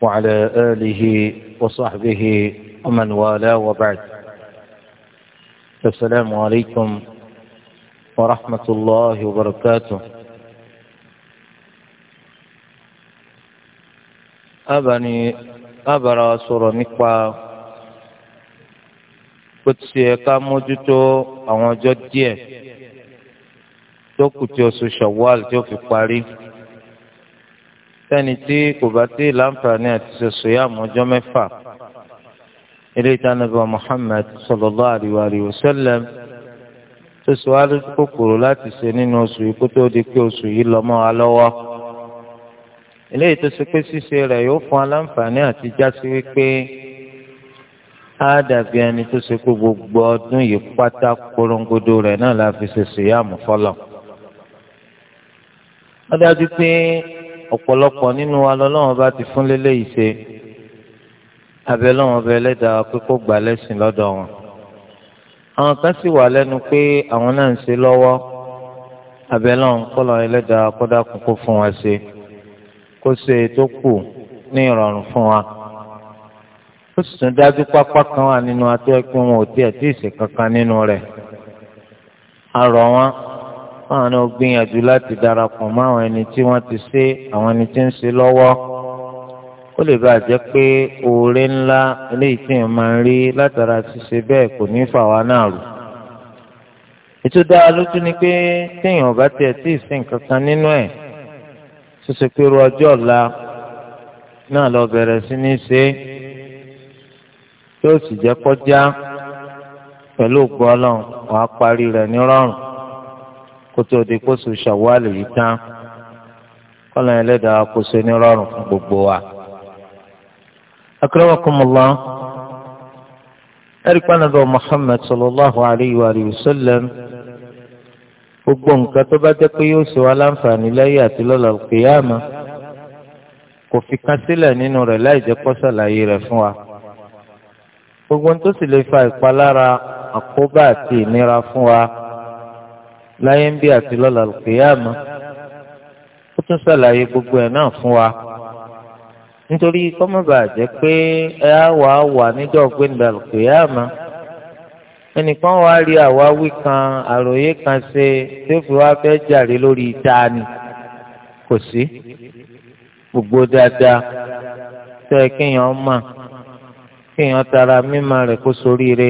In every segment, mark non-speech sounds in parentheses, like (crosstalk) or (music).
وعلى آله وصحبه ومن والاه وبعد السلام عليكم ورحمة الله وبركاته أبني أبرا سورة نقوى قدسي كاموجتو أو جدية tó kù tí oṣù Ṣawwal tí ó sẹ́ni tí kò bá tí ì láǹfààní àti ṣoṣo yá àmọ́jọ́ mẹ́fà ilé ìtànàbọ̀ Muhammad sallallahu alaihi wa sallam tó sọ wá lójú kòkòrò láti ṣe nínú oṣù yìí kó tó di pé oṣù yìí lọ mọ́ wa lọ́wọ́ ilé ìtòsí pé ṣíṣe rẹ̀ yóò fún aláǹfààní àti jásí wípé á dàbí ẹni tó ṣe pé gbogbo ọdún yìí pátá korongodo rẹ̀ náà la ṣe ṣèyàmù fọlọ́. ó dájú pé ọ̀pọ̀lọpọ̀ nínú wa lọ́lọ́wọ́n bá ti fún lélẹ́yìí ṣe abẹ́lọ́wọ́n bẹ ẹlẹ́dàá pé kó gbà lẹ́sìn lọ́dọ̀ wọn. àwọn kan sì wà lẹ́nu pé àwọn náà ń ṣe lọ́wọ́ abẹ́lọ́wọ́n kọ́lọ́ ẹlẹ́dàá kọ́dà kókó fún wa ṣe kó ṣe tó kù ní ìrọ̀rùn fún wa. ó sì tún dájú pápá kan wà nínú atọ́ wọn ò tí ì káwọn náà gbìyànjú láti darapọ̀ mọ́ àwọn ẹni tí wọ́n ti ṣe àwọn ẹni tí ń ṣe lọ́wọ́ ó lè bá jẹ́ pé oore ńlá eléyìí tí ń máa ń rí látara ṣíṣe bẹ́ẹ̀ kò ní fà wá náà rò ètò dáa lójú ni pé téèyàn bá tiẹ̀ tí ì sí nǹkan kan nínú ẹ̀ tó ṣe pé ru ọjọ́ ọ̀la náà lọ bẹ̀rẹ̀ sí ní ṣe é yóò sì jẹ́ kọjá pẹ̀lú ògbọ́lọ́n wàá parí rẹ̀ nírọ̀rùn kó tó di kó sùn ṣàwálì yìí tán kọ́lá yẹn lẹ́dàá kó so ní rọrùn fún gbogbo wa. akramakumullah ẹ̀rí pàǹdàbọ̀ Muhammad sallallahu alayhi wa sallam gbogbo nǹkan tó bá jẹ́ pé yóò ṣe wá láǹfààní láyé àti lọ́la kìyàmá kò fi kan sílẹ̀ nínú rẹ̀ láì jẹ́ kó ṣàlàyé rẹ̀ fún wa. gbogbo ohun lè fa ìpalára àkóbá àti ìnira fún wa láyé ń bí àti lọ́la kìyàmù ó tún ṣàlàyé gbogbo ẹ̀ náà fún wa nítorí kọ́mọ́bà jẹ́ pé ẹ á wà á wà níjọ́ gbẹ̀ndà kìyàmù ẹnìkan wàá rí àwáwí kan àròyé kan ṣe tó fi wá fẹ́ jàre lórí ìtaani kò sí gbogbo dáadáa tẹ́ kéèyàn mọ̀ kéèyàn tara mímọ̀ rẹ̀ kó soríire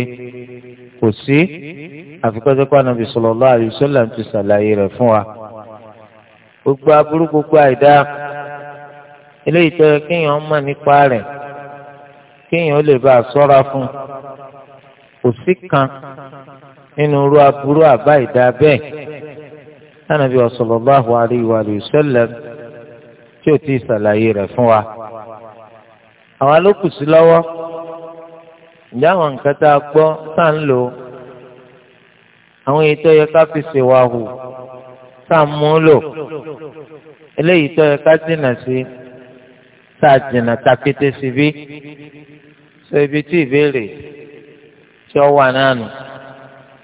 kò sí àfikọ́sẹ́kọ́ ànábì sallallahu alaihi wasallam ti ṣàlàyé rẹ̀ fún wa. gbogbo aburú gbogbo àìdá eléyìí tó yẹ kéèyàn mọ̀ nípa rẹ̀ kéèyàn lè bá a sọ́ra fún kò sí kan nínú irú aburú àbá ìdá bẹ́ẹ̀ ànábì sallallahu alaihi wasallam tí ò ti ṣàlàyé rẹ̀ fún wa. àwa ló lọ́wọ́ ìyá àwọn nǹkan tá a gbọ́ tá ń lò ó àwọn èyí tó yẹ ká fi ṣèwà hù sàmúlò eléyìí tó yẹ ká jìnnà sí sàjìnnà takété síbí sọ ibi tí ìbéèrè tí ó wà nánu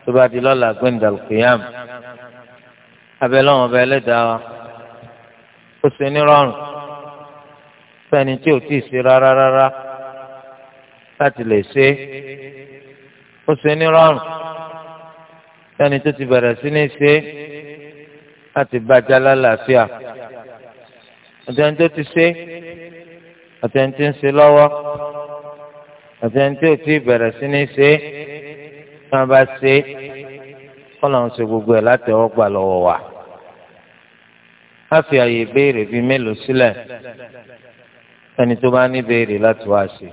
tó bá di lọ́la gbẹ̀ndàlùkìyàm abẹ́lọ́wọ̀n ọba ẹlẹ́dàá wa ó ṣe nírọ̀rùn fẹ́ni tí ò tíì ṣe rárá rárá láti lè ṣe ó ṣe nírọ̀rùn ẹni tó ti bẹ̀rẹ̀ sí ní ṣe láti bàjá lálàáfíà àtẹni tó ti ṣe àtẹni tó ń ṣe lọ́wọ́ àtẹni tó ti bẹ̀rẹ̀ sí ní ṣe máa bá ṣe kọ́nà ń ṣe gbogbo ẹ̀ látẹ̀wọ́gbà lọ́wọ́ wa. a fi àyè béèrè bíi mélòó sílẹ̀ ẹni tó bá ní béèrè láti wá ṣe.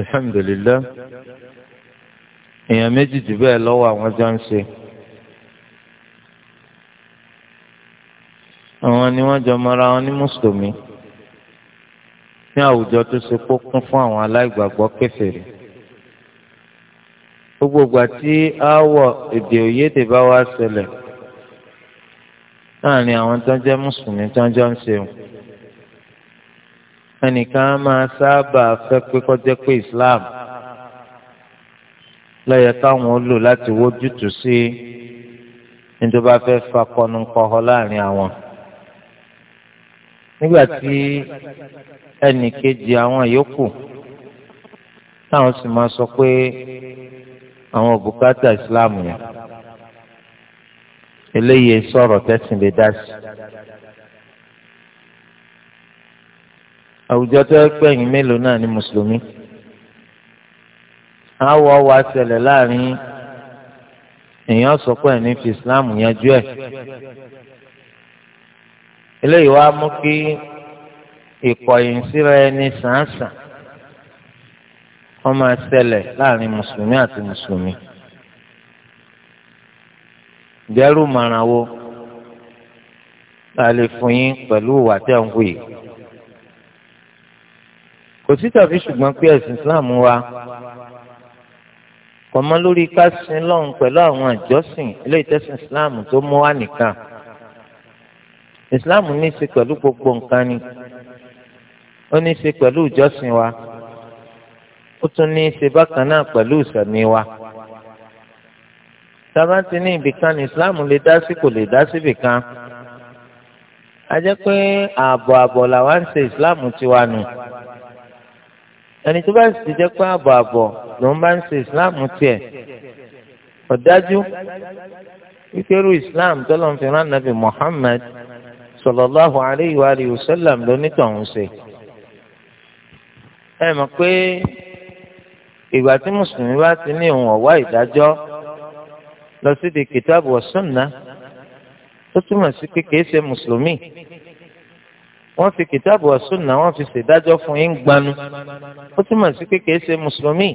alhamdulilah èèyàn méjì jù bẹ́ẹ̀ lọ́wọ́ àwọn jọ ń ṣe. àwọn ni wọ́n jọ mọ́ra wọn ní mùsùlùmí ní àwùjọ tó ṣe kó kún fún àwọn aláìgbàgbọ́ kèfèrí. gbogbo ìgbà tí èdè òyédè bá wá ṣẹlẹ̀ láàrin àwọn tó ń jẹ́ mùsùlùmí tó ń jọ ń ṣe wọn ẹnìkan máa sábà fẹ́ pé kọjá pé islam lọ́yẹ káwọn ó lò láti wójútùú sí nítorí bá fẹ́ fakọnukọhọ láàrin àwọn. nígbà tí ẹnìkejì àwọn yòókù táwọn sì máa sọ pé àwọn bùkátà islam yẹn eléyìí sọ̀rọ̀ tẹ́sìn lè dá sí i. àwùjọ tó gbẹ̀yìn mélòó náà ni mùsùlùmí àwọ̀ wa ṣẹlẹ̀ láàrin èèyàn sọ pé fi islam yanjú ẹ̀ eléyìí wá mú kí ìkọ̀yìn síra ẹni sàǹsàn wọ́n máa láàrin mùsùlùmí àti mùsùlùmí dẹ́rù màràwó ta lè fún yín pẹ̀lú ìwà tẹ̀ ń kò sí tàbí ṣùgbọ́n pé ẹ̀sìn Islam wa kọ̀mọ́ lórí kásin lọ́hùn pẹ̀lú àwọn àjọsìn ilé ìtẹ́sìn Islam tó mú wá nìkan Islam ní í ṣe pẹ̀lú gbogbo nǹkan ni ó ní í ṣe pẹ̀lú ìjọsìn wa ó tún ní í ṣe bákan náà pẹ̀lú ìsẹ̀mí wa sábà ti ní ibìkan ní Islam lè dá sí kò lè dá síbìkan a jẹ́ pé ààbọ̀ ààbọ̀ làwa ń ṣe Islam tiwa nù ẹni tó bá sì jẹ́ pé àbọ̀ àbọ̀ lòun bá ń ṣe islam tiẹ̀ ọ̀dájú wíkẹ́rù islam tọ́lọ̀ ń fi rán nàbì muhammad sọlọ́láhu aleyhi wa aleyhi sọ́làm lónítọ̀hún ṣe. ẹ mọ̀ pé ìgbà tí mùsùlùmí bá ti ní òun ọ̀wá ìdájọ́ lọ sí di kìtàbù wa sunnah tó túmọ̀ sí pé kìí ṣe mùsùlùmí wọ́n fi kìtàbù wa sunna wọ́n fi ṣèdájọ́ fún yín gbanu ó túmọ̀ sí pé kìí ṣe mùsùlùmí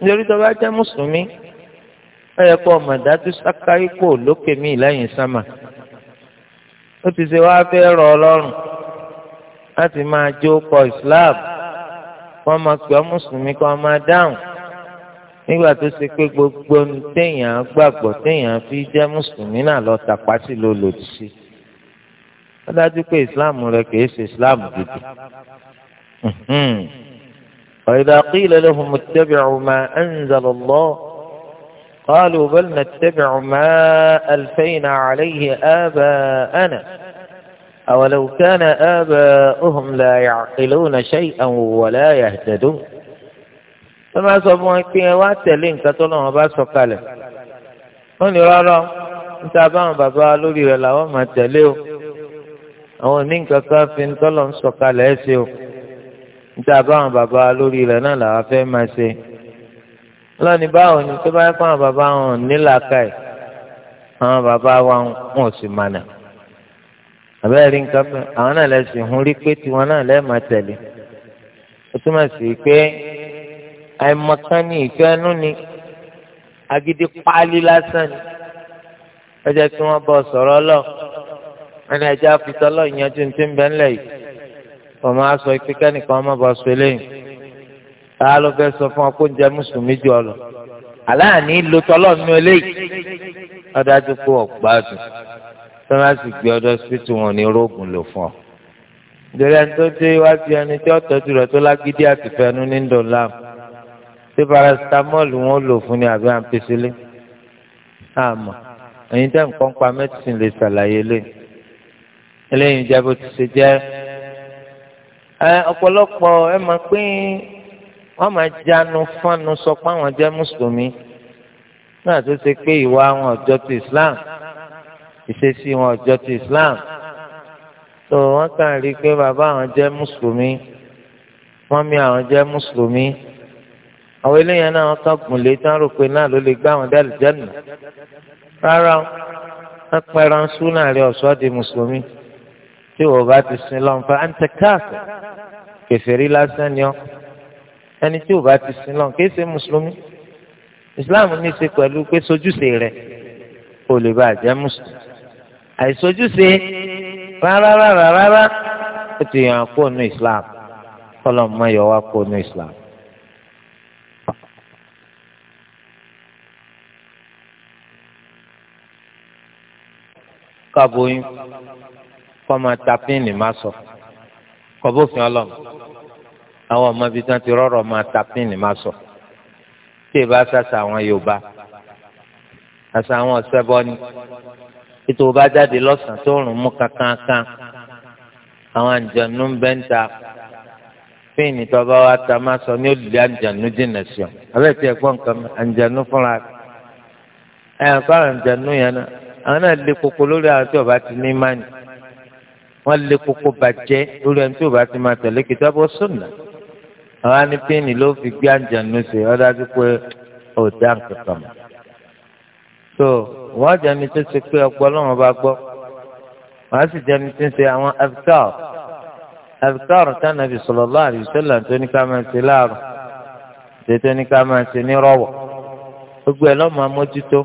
nítorí tó bá jẹ́ mùsùlùmí ó yẹ kó ọmọ ìdájú sákáyí kò lókè mí lẹ́yìn sámà ó ti ṣe wáá fẹ́ rọ ọlọ́run láti máa jó kọ islam kó ọmọ pé ọ mùsùlùmí kó ọmọ dáhùn nígbà tó ṣe pé gbogbo téèyàn gbàgbọ́ téèyàn fi jẹ́ mùsùlùmí náà lọ tàpá sí ló lòdì sí i. ó dájú pé ìsìláàmù rẹ kìí ṣe ìsìláàmù gidi. وإذا قيل لهم اتبعوا ما أنزل الله قالوا بل نتبع ما ألفينا عليه آباءنا أولو كان آباؤهم لا يعقلون شيئا ولا يهتدون فما سبوا كي واتلين كتلون باس قال من يرى انت بابا لولي ولا وما تليه àwọn ní nǹkan kan fi ń tọ́lọ̀ ń sọ̀kalẹ̀ ẹ̀ ṣe o níta báwọn bàbá lórí rẹ̀ náà làwọn fẹ́ máa ṣe lọ́ni báwọn ni tó bá yẹ fáwọn bàbá wọn nílàáká ẹ̀ àwọn bàbá wa wọn ò sì mànà àbẹ́rẹ́ rí nǹkan pẹ́ àwọn náà lẹ́sìn hún rí pé tiwọn náà lẹ́ẹ̀ máa tẹ̀lé ó túmọ̀ sí pé àìmọ̀kánì ìfẹ́ ẹnu ni agidi páálí lásán ni ọjọ́ tí wọ́n bọ̀ sọ̀rọ̀ ọlọ́ọ̀ ẹni ẹja fitọlọ ìyanjú ti ń bẹ ńlẹ̀ yìí ọmọ aṣọ ìpínkẹ nìkan ọmọ bá sọ eléyìí tá a ló fẹ́ sọ fún ọ kó ń jẹ mùsùlùmí jù ọ lọ aláàní lo tọlọ nínú eléyìí ọdájú kó ọgbádùn sọláṣì gbé ọdọ síbítù wọn ní rógùn lò fún ọ. ìdílé ẹni tó dé wá ẹni tí ọ̀tọ́jú rẹ̀ tó lágídí àtìfẹ́nu ní ndòlám tí parasitamọ́ọ̀lù wọn lò fún ni àbí àǹpẹ̀sílẹ̀ àmọ́ ẹ̀yin tẹ́ nǹkan pa mẹ́tìsìn lè ṣàlàyé lẹ́yìn eléyìí jẹ́ bó ti ṣe jẹ́ ẹ ọ̀pọ̀lọpọ̀ ẹ máa pín wọ́n máa jánu fánu sọ pé àwọn jẹ́ mùsùlùmí náà tó ṣe pé ìwà àwọn ọ̀jọ́ ti Islam ìṣesí wọn ọ̀jọ́ ti Islam tó wọ́n kàn rí i pé bàbá àwọn jẹ́ mùsùlùmí mọ́mí àwọn jẹ́ mùsùlùmí àwọn eléyàn náà wọ́n kàn gùn lé tán rò pé náà ló lè gbá àwọn dálì jẹ́nu rárá wọ́n pẹran súnà rẹ̀ ọ̀ṣọ́ di mùsùlùmí tí o bá ti sin lọ́n fa àǹtẹ̀ káàkiri kèfèrí lásán ni ọ́ ẹni tí o bá ti sin lọ́n kéésì mùsùlùmí islam ní í ṣe pẹ̀lú pé sojúṣe rẹ̀ o lè bá jẹ́ mùsùlùmí àìsojúṣe rárá rárá ti yàn kó nu islam kọ́lọ́n yọ wá kó nu islam. kaboyin kọ́mọ tapíìnì má sọ kọ́bófin ọlọ́run àwọn ọmọ ibi tí wọ́n ti rọ́rọ̀ máa tapíìnì má sọ tí ìbá sàṣà àwọn Yorùbá àṣà àwọn ọ̀sẹ́bọ ni ètò bá jáde lọ́sàn-án tó rùn mú kankankan àwọn àǹjọ̀nú ń bẹ́ ń ta fíìnì tó bá wa ta má sọ ní olùdí àǹjọ̀nú jìnnà sí ọ abẹ́ẹ̀ tí ẹ gbọ́ nǹkan àǹjọ̀nú fúnra ẹ̀ ẹ̀ kọ́ àǹjọ̀nú yẹn náà àwọn náà lè koko lórí àwọn tí ọba ti ní mánì wọ́n lé kókó bàjẹ́ lórí ẹni tí ò bá ti máa tẹ̀lé kìtàbù sunna àwọn anipéènì ló fi gbé àǹjànú ṣe ọ dájú pé ò dá nǹkan kan mọ́. so wọ́n jẹ́ni tó ṣe pé ọgbọ́n lọ́wọ́ bá gbọ́ wọ́n á sì jẹ́ni tó ń ṣe àwọn aftar aftar tánàbì sallallahu alaihi wasallam tó ní ká máa ṣe láàrọ̀ tètè ní ká máa ṣe nírọ̀wọ̀ gbogbo ẹ̀ lọ́mọ amójútó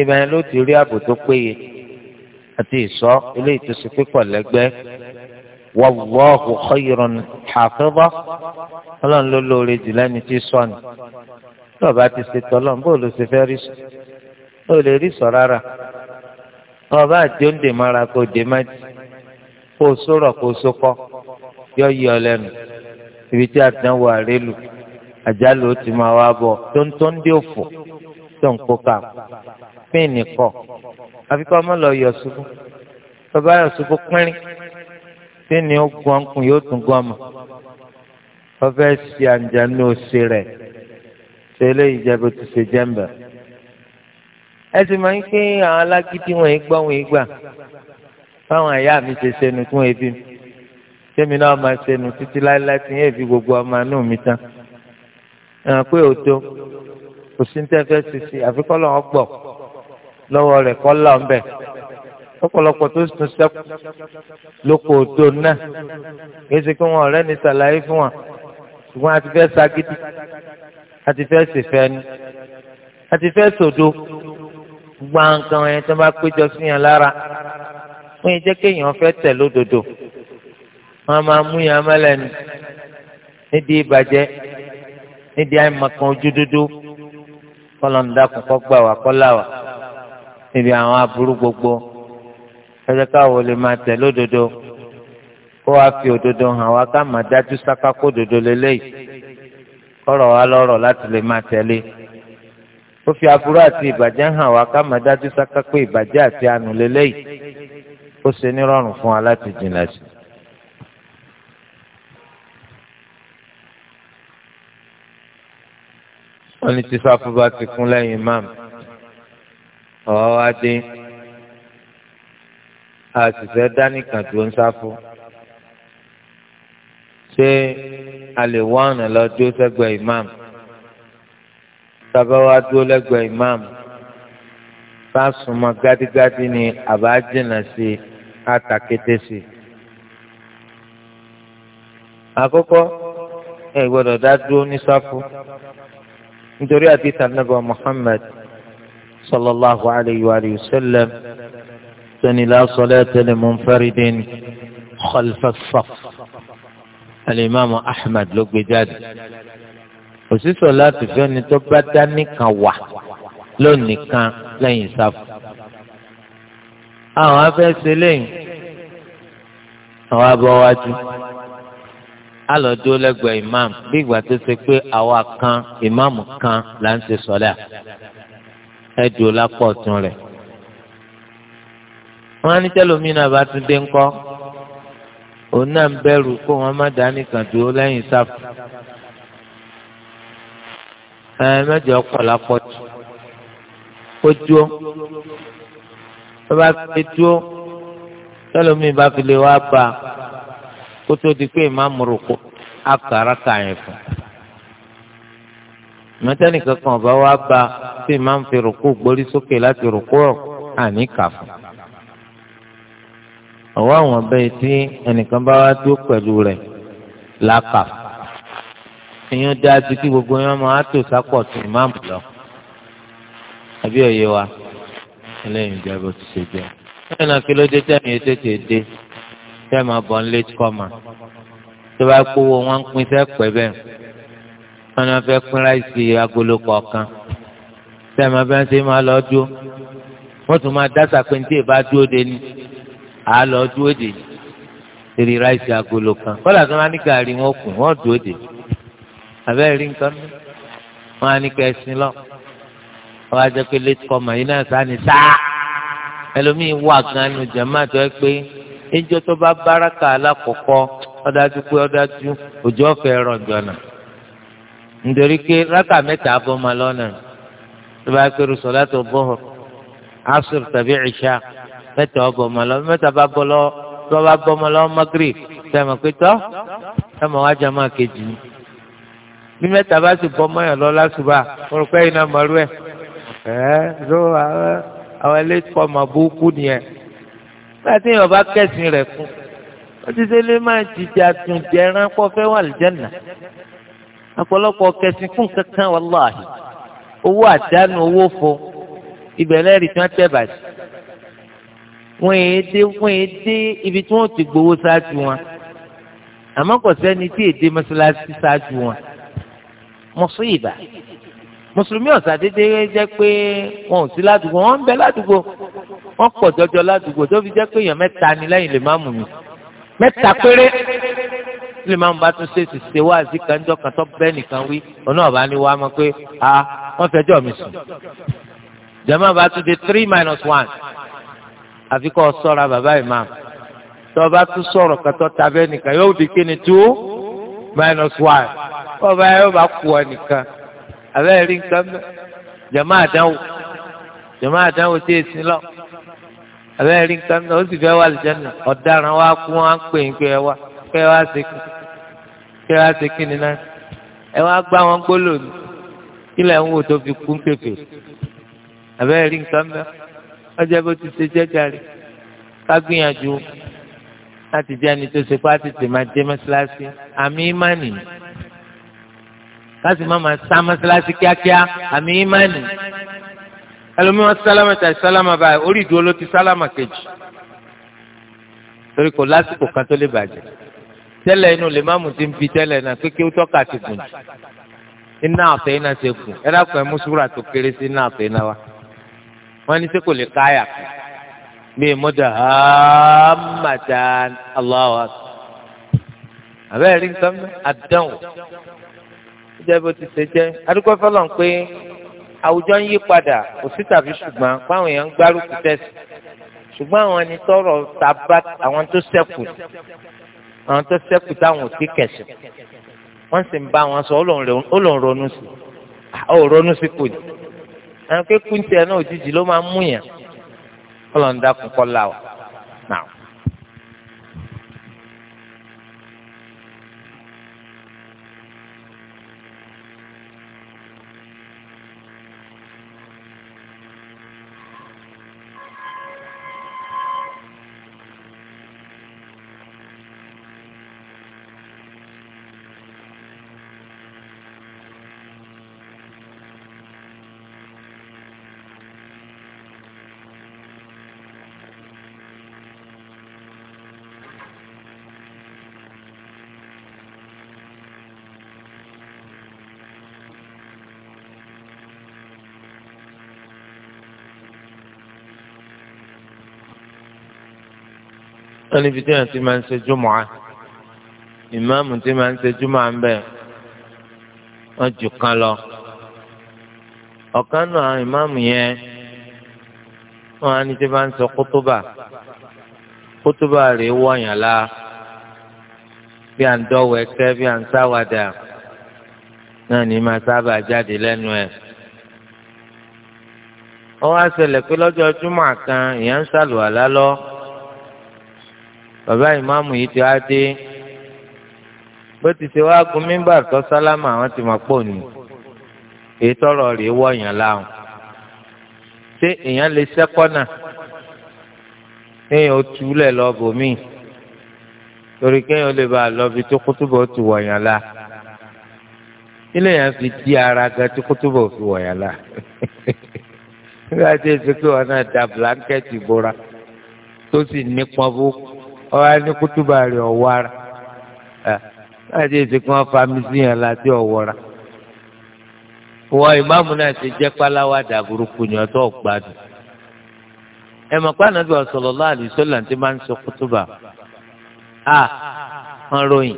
ibà yẹn ló ti rí ààbò tó péye àti ìsọ ilé ìtòsí pípọ̀ lẹ́gbẹ́ wallahu khayrun hafiza ọlọ́run ló lóore jù lẹ́ni tí sọ ni tí ọba ti ṣe tọ́lọ́n bó ló ṣe fẹ́ rí sọ ó lè rí sọ rárá ọba àti oúnjẹ mara kó dé má jì kó sọ̀rọ̀ kó sọkọ́ yọ yí ọ lẹ́nu ibi tí àdánwò àrélù àjálù ó ti máa wá bọ̀ tó òfò tó ń kó ká pín nìkan àfi kọ́ ọmọ lọ yọ̀ ṣubú bàbá yọ̀ ṣubú pínrín tí ni ó gun ọkùn yóò tún gun ọmọ ọfẹ́ ṣe àǹjánu òṣè rẹ̀ ṣe eléyìí jẹ́ bó ti ṣe jẹ́ ń bẹ̀. ẹ sì máa ń pín àwọn alágídí wọn gbọ́ wọn gbà fáwọn àyà mi ṣe ṣẹnu fún ebi mi tẹ́mi náà máa ṣẹnu títí láéláé tí yẹn fi gbogbo ọmọ inú mi tán. ẹ̀hàn pé òótọ́ kò sí ní tẹ́fẹ́ ṣiṣẹ́ àfikọ́ lọ́wọ́ gbọ̀ lọ́wọ́ rẹ̀ kọ́ là ń bẹ̀ ọ̀pọ̀lọpọ̀ tó tún sẹ́kù lóko òdo náà kéésì pé wọn ọ̀rẹ́ ní sàlàyé fún wa ṣùgbọ́n a ti fẹ́ sagídí a ti fẹ́ ṣèfẹ́ ni a ti fẹ́ sòdo gbàǹkan ẹ̀ tó bá péjọ sí yàn lára fún yín jẹ́ kéèyàn fẹ́ tẹ̀ lódodo wọn máa mú yàn mẹ́lẹ̀ ni nídìí ìbàjẹ́ nídìí àìmọ̀kan ojú dúdú kọ́lọ̀ ń dákun kọ́ gbà wá kọ́ là wá níbi àwọn aburú gbogbo ẹjẹ káwọ lè máa tẹ̀ lódodo kó wá fi òdodo hàn wá ká máa dájú sáká kó òdodo lélẹ́yìí kọ́rọ̀ wá lọ́rọ̀ láti lè máa tẹ̀lé ó fi aburú àti ìbàjẹ́ hàn wá ká máa dájú sáká pé ìbàjẹ́ àti ànú lélẹ́yìí ó ṣe nírọ̀rùn fún wa láti jìnnà sí. wọ́n ní tí sáfù bá ti kún lẹ́yìn máàmù ọ̀wá wá dé a sì fẹ́ dánìkan tó ń sáfù ṣé a lè wá ọ̀nà lọ dúró sẹ́gbẹ̀ẹ́ imam sábà wá dúró lẹ́gbẹ̀ẹ́ imam bá súnmọ́ gádígádí ni àbá jìnnà sí i kété sí àkọ́kọ́ ẹ gbọ́dọ̀ dá dúró ní sáfù nítorí àti tànàbà Muhammad. صلى الله عليه وآله وسلم تني لا صلاة لمنفرد خلف الصف الإمام أحمد لو بجاد وسي صلاة فين تبتا نكا وح لو نكا لن يصف أو أفسلين أو أبواجي alọ dúró lẹ́gbẹ̀ẹ́ imam bí ìgbà tó ṣe pé àwa kan imam kan là ń ṣe sọlẹ ẹdùn lápò ọ̀tún rẹ̀ wọn á ní tẹlómìnà bá tún dé ńkọ́ òun náà ń bẹ̀rù kó wọn má dá nìkan dúró lẹ́yìn sáfù ẹ mẹ́jọ pọ̀ lápò tù kó dúó tó bá fi dúó tẹlómìnà bá fi lè wá bá kó tó di pé ìmáàmù kó àkàrà kà mọtẹni kankan ọba wa bá tí màá ń fi rùkú gborí sókè láti rùkú ọ àní kàfọ. ọwọ́ àwọn ọbẹ̀ tí ẹnìkan bá wá tó pẹ̀lú rẹ̀ la kàfọ. ìyẹn dá ju kí gbogbo yẹn máa tò sápọ̀ tó ìmáàmù lọ. àbí òye wa ẹlẹ́yìn ìjà bó ti ṣe jẹ́. ẹ̀ náà kí ló dé tẹ́mi ètò tètè dé tẹ́ máa bọ̀ ń lé kọ́ ma. tó bá kówó wọn ń pin bẹ́ẹ̀. wọn náà pín ráìsì agolo kọ̀ọ̀kan sẹ́mi abẹ́rẹ́ ṣe máa lọ dúró wọ́n tún máa dá sàpéǹtì ìbá dúró de ni à á lọ dúró de eré ráìsì agolo kan kọ́lá tó máa ní gàrí wọn kù wọ́n dúró de abẹ́rẹ́ rí nǹkan mi á ní lọ á jẹ pé late comer yìí náà sáà ní sáà ẹlòmíín wà gan tó ẹ pé tó bá pé òjò nítorí pé rákà mẹ́ta bọ́ ma lọ́nà tó bá kéré sọ̀lá tó bọ́ asr tàbí ìṣá mẹ́ta bọ́ ma lọ́nà mẹ́ta bá bọ́ lọ́ tó bá bọ́ ma lọ́nà magrib sẹ́mi pé tọ́ sẹ́mi wájà máa kejì ni bí mẹ́ta bá sì bọ́ mọ́yàn lọ lásùbà mo rò pé iná mọ̀rú ẹ̀ ẹ́ ló àwọn eléyìí pọ̀ mà kú nìyẹn láti yàn bá kẹ́sìn rẹ̀ kú ó ti délé máa jìjà tún jẹran fẹ́ wà lìjẹ́ ọ̀pọ̀lọpọ̀ kẹsìn fún kankan wàláhì owó àdánù owó fo ìbẹ̀lẹ̀ rí tí wọ́n tẹ̀ bàjẹ́ wọ́n yé dé wọ́n yé dé ibi tí wọ́n ti gbowó ṣáájú wọn àmọ́ kò sẹ́ni tí èdè mọ́ṣáláṣí ṣáájú wọn mọ̀sùn ìbà mùsùlùmí ọ̀sà dédé jẹ́ pé wọn ò sí ládùúgbò wọn ń bẹ ládùúgbò wọn pọ̀ jọjọ ládùúgbò tó fi jẹ́ pé èèyàn mẹ́ta ni lẹ́yìn lè má mú mi mẹ́ta péré tí màmú bá tún ṣe ṣiṣẹ́ wá sí kanjọ́ kan tó bẹ́ẹ̀ nìkan wí ọ̀nà ọ̀bá ni wàá mọ̀ pé a wọ́n fẹjọ́ mi sùn jẹ́mọ́ bá tún di three minus one àfi kọ́ sọ́ra bàbá imam tó bá tún sọ̀rọ̀ kan tó ta bẹ́ẹ̀ nìkan yóò di kí ni two minus one ọba yóò bá kú ọ nìkan abẹ́rẹ́ rí nǹkan mẹ́ jẹ́mọ́ àdánwò jẹ́mọ́ àdánwò tí èsì lọ abẹ́rẹ́ rí nǹkan mẹ́ ó sì fẹ́ wà lìjẹ́ nà ọ̀daràn wa kú wọn á pè é pé ẹ wá pé ẹ wá sí kú kí wọ́n á ṣe kí ni náà ẹ wá gbá wọn gbólò ní kí lẹ́ ń wò tó fi kú pèpè àbẹ́rẹ́ rí nǹkan mẹ́ ọjọ́ bó ti ṣe jẹ́jàre ká gbìyànjú láti jẹ́ ẹni tó ṣe pé àtètè máa jẹ́ mọ́ṣáláṣí àmì ìmánì láti má máa sá mọ́ṣáláṣí kíákíá àmì ìmánì ẹlòmíì wọn sálámà tàbí sálámà báyìí orí ìdúró ló ti sálámà kejì torí kò lásìkò kan tó lè bàjẹ́ tẹ́lẹ̀ inú lè má mú ti ń fi tẹ́lẹ̀ náà kéke ó tọ́ka ti gùn jù iná àfẹ́ iná ṣe gùn ẹ dákun ẹ mú súrà tó kéré sí iná àfẹ́ iná wa wọ́n ní sẹ́kò lè káyà kù bíi mọ́tò hàmàtà Allahu àbẹ́rẹ́ rí nǹkan àdánwò ó jẹ́ bó ti ṣe jẹ́ adúgbò fọlọ́n pé àwùjọ ń yí padà kò sí tàbí ṣùgbọ́n fáwọn èèyàn ń gbárùkù tẹ̀sí ṣùgbọ́n àwọn ẹni tọrọ tàbá àwọn tó ṣẹ̀kù àwọn tó sẹ́kù táwọn ò ti kẹ̀sùn wọ́n sì ń bá wọn sọ ó lòun ronú sí ó ronú sí kù ní. àwọn kékun tiẹ̀ náà òjijì ló máa ń múyàn kọ́ lọ́n dákun kọ́ la wa. Now. wọ́n níbi tí wọ́n ti máa ń ṣe jùmọ̀ á ìmáàmù tí máa ń ṣe jùmọ̀ á ń bẹ̀ wọ́n jù kan lọ ọ̀kan náà ìmáàmù yẹn wọ́n á ní tí bá ń sọ kótóbà kótóbà rèé wọ̀nyàn la bí à ń dọ́wọ́ ẹ̀kẹ́ bí à ń sáwàdà náà ní máa sábà jáde lẹ́nu ẹ̀. ó wá pé lọ́jọ́ júmọ̀ kan ìyẹn ń ṣàlùwàlá lọ bàbá ìmáàmù yìí ti wá dé bó ti ṣe wá gun mímbà tó sálámà àwọn ti mọ̀ pò ní ètò ọ̀rọ̀ rèé wọ̀nyàn láwọn ṣé èèyàn lè ṣẹ́kọ́nà kéèyàn ó túlẹ̀ lọ́bòmíì torí kéèyàn lè bá a lọ bí tó kútùbọ̀ ti wọ̀nyàn la ilé yẹn fi di ara gan tí kútùbọ̀ fi wọ̀nyàn la nígbà tí èsì pé wọn náà da blanketi bora tó sì nípọn bó ọwọ́ ẹni kútùbà rẹ̀ ọ̀wọ́ ara láti ètò kí wọ́n fa mi sí yàn láti ọ̀wọ́ ra wọ́n ìmáàmù náà ti jẹ́ páláwá dàbúrúkú ni ọ̀tọ̀ gbádùn ẹ mọ̀ pé ànábì sallallahu alaihi wasallam ti máa ń sọ kútùbà a wọ́n ròyìn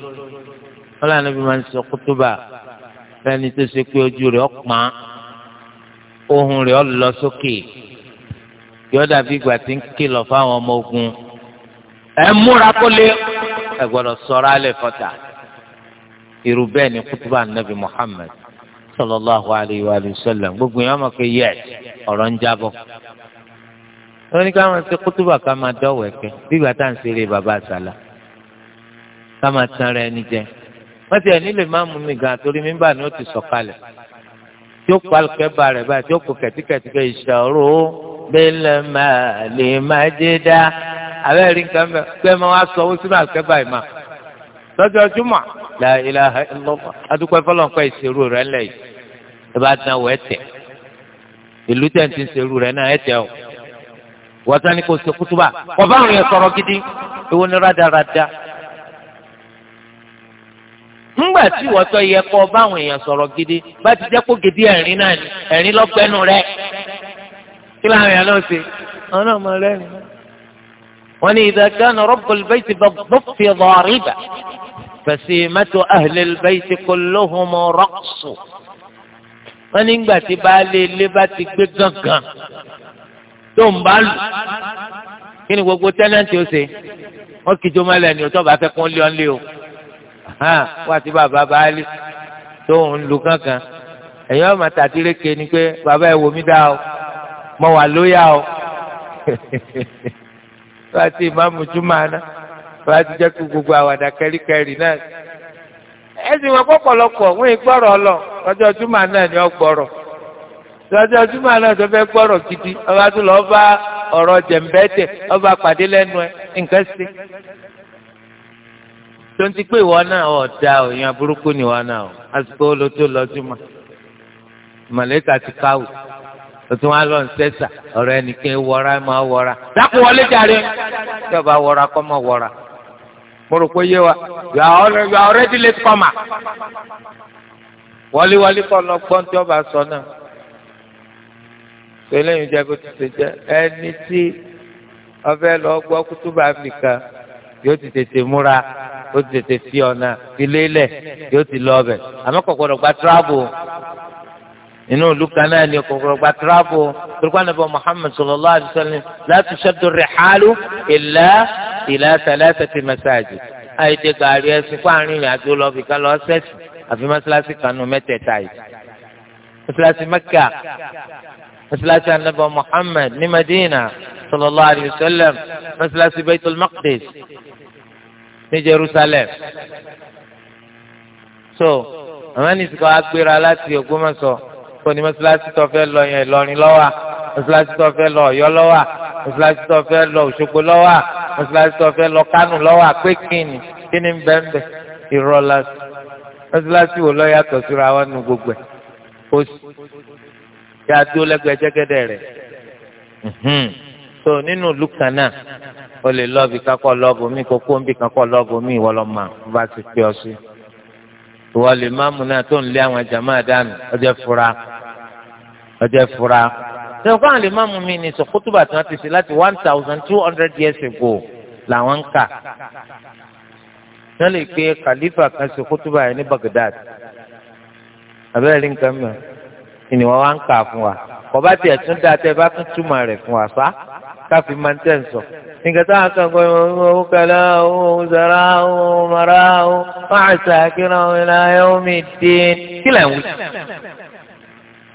wọ́n lànà bí máa ń sọ kútùbà fẹ́ni tó ṣe pé ojú rẹ̀ ọ̀pọ̀n ohùn rẹ̀ ó lọ sókè yọ̀ọ́ dàbí ìgbà tí ń kìlọ̀ fáwọn ọmọ ogun ẹ múra kó lé ẹ gbọ́dọ̀ sọ̀rọ̀ alẹ fọta irú bẹ́ẹ̀ ni kutuba nabi muhammed sallallahu alayhi wa sallam gbogbo yẹn ọmọ pé yẹ ọ̀rọ̀ ń jábọ̀ wọn ní ká máa ṣe kutuba ká máa dọwọ ẹkẹ bíbá tá à ń ṣeré bàbá àṣàlà ká máa tan ara ẹni jẹ wọn ti ẹni lè má mú mi gan torí mi bá ní ó ti sọ̀kalẹ̀ tí ó kọ alùpẹ́bà rẹ̀ báyìí tí ó kọ kẹ̀tíkẹ̀tíkẹ̀ ìṣòro bẹ́ẹ̀ lè má lè má jẹ́ dá abẹ́ rí nǹkan mẹ́ pé máa wá sọ owó sínú àṣẹ báyìí mà lọ́jọ́ júmọ̀ là ilà lọ́mọ́ adúpẹ́ fọlọ́npẹ́ ìṣerú rẹ̀ ńlẹ̀ yìí ẹ bá dán wọ ẹ̀tẹ̀ ìlú tẹ̀ ń ti ṣerú rẹ̀ náà ẹ̀tẹ̀ o wọ́n sani kò ṣe kútúbà wọ́n bá àwọn yẹn sọ̀rọ̀ gidi ewu ni rádaràda ńgbà tí wọ́n sọ yẹ kọ́ bá àwọn èèyàn sọ̀rọ̀ gidi bá ti jẹ́ gidi ẹ̀rín náà ẹ̀rín lọ́gbẹ́nu rẹ̀ kí láwọn èèyàn náà ṣe àwọn náà mọ rẹ́rìn wọ́n ní idha kana rabbul bayti bidaffi dhariba fasimatu ahlil bayti kulluhum raqsu wọ́n nígbà tí baálé ilé bá ti gbé gángan tó ń bá lù kí ni gbogbo tẹ́lẹ̀ǹtì ó ṣe wọ́n kìjọ mọ́lẹ̀ ni òtọ́ bá fẹ́ kún lé lé o wọ́n àti bàbá baálé tó ń lu gángan ẹ̀yin ọmọ tàdíreke ni pé bàbá ẹ̀ wò mí dá o mo wà lóyà o (laughs) láti a ti ìmáàmù júmọ̀ àná tó ti jẹ́ gbogbo àwàdà kẹ́ríkẹ́rì náà. ẹ̀sìn wọn pọ̀pọ̀lọpọ̀ wọ́n ì gbọ́rọ̀ ọjọ́ júmọ̀ náà ni ọ gidi ọba tó lọ bá ọ̀rọ̀ ọba pàdé lẹ́nu ẹ̀ nǹkan sí. tó ń ti pé ìwọ náà òyìn ni ìwọ náà àsìkò olótó mọ̀lẹ́kà ti káwù. o tún wá lọ ń ẹnìkan wọra máa wọra dákú wọlé jàre tí ọba wọra kọ́ wọra mo wa you are already late comer wọléwọlé kọ́ ọba sọ náà eléyìí jẹ́ kó ti ṣe ẹni tí ọbẹ̀ lọ gbọ́ kútúbà Áfíríkà yóò ti tètè múra yóò ti tètè fi ọ̀nà fi inú ìlú kan náà ni kòkòrò gba tíráàbù torí wọn nàbọ Muhammad sallallahu wa sallam láti tushaddu rihalu illa ila thalathati masajid àìdè gàrí ẹsìn fún àárín ìrìn àjò lọ bìkan lọ sẹ́sì àfi mọ́sálásí kanú nù mẹ́tẹ̀ẹ̀ta yìí mọ́sálásí Mẹ́kà mọ́sálásí anabi muhammed ní Madina sallallahu alayhi wa sallam mọ́sálásí tol Maqdis ní Jerusalem so àwọn ènìyàn ti kọ́ agbéra láti Ògbómọ̀ṣọ́. ó ní mọ́sálásí tó fẹ́ lọ yẹn Ìlọrin lọ́wà mọ́sálásí tó fẹ́ lọ Ọ̀yọ́ lọ́wà mọ́sálásí tó fẹ́ lọ Òṣogbo lọ́wà mọ́sálásí tó fẹ́ lọ Kánò lọ́wà pé kíni kíni ń bẹ́ẹ̀ bẹ́ẹ̀ ìrọ̀lá mọ́sálásí wo lọ́ yàtọ̀ síra wọn nu gbogbo ẹ̀ ó sì yá dúró lẹ́gbẹ̀ẹ́ jẹ́gẹ́dẹ́ rẹ̀ so nínú ìlú kan náà o lè lọ́ọ̀bì kakọ́ lọ́ọ̀bù mi kókó ń bì kakọ́ lọ́ọ̀bù mi ìwọ́lọ́mà ìwọ lè máàmù náà tó ń lé àwọn jàmáà dànù ọjọ́ fura ọjọ́ fura sọ̀kọ́ àwọn lè máàmù mi ní sọ kútùbà tí wọ́n ti ṣe láti one thousand two hundred years ago làwọn ń kà wọ́n lè pe kàlífà kan ṣe yẹn ní Baghdad abẹ́rẹ́ rí nǹkan mọ̀ ìníwọ̀n wá ń kà fún wa kọ́ bá tiẹ̀ tún dáa tẹ́ bá tún túmọ̀ rẹ̀ fún wa fa. So, káfí máa ń tẹ̀ ń sọ. nǹkan táwọn kan kọ́ ọ́ kẹlẹ́ ọ́ zara ọ́ mara ọ́ fáṣà kíra ọ́ ilá ọ́ mi dé kílẹ̀ wù.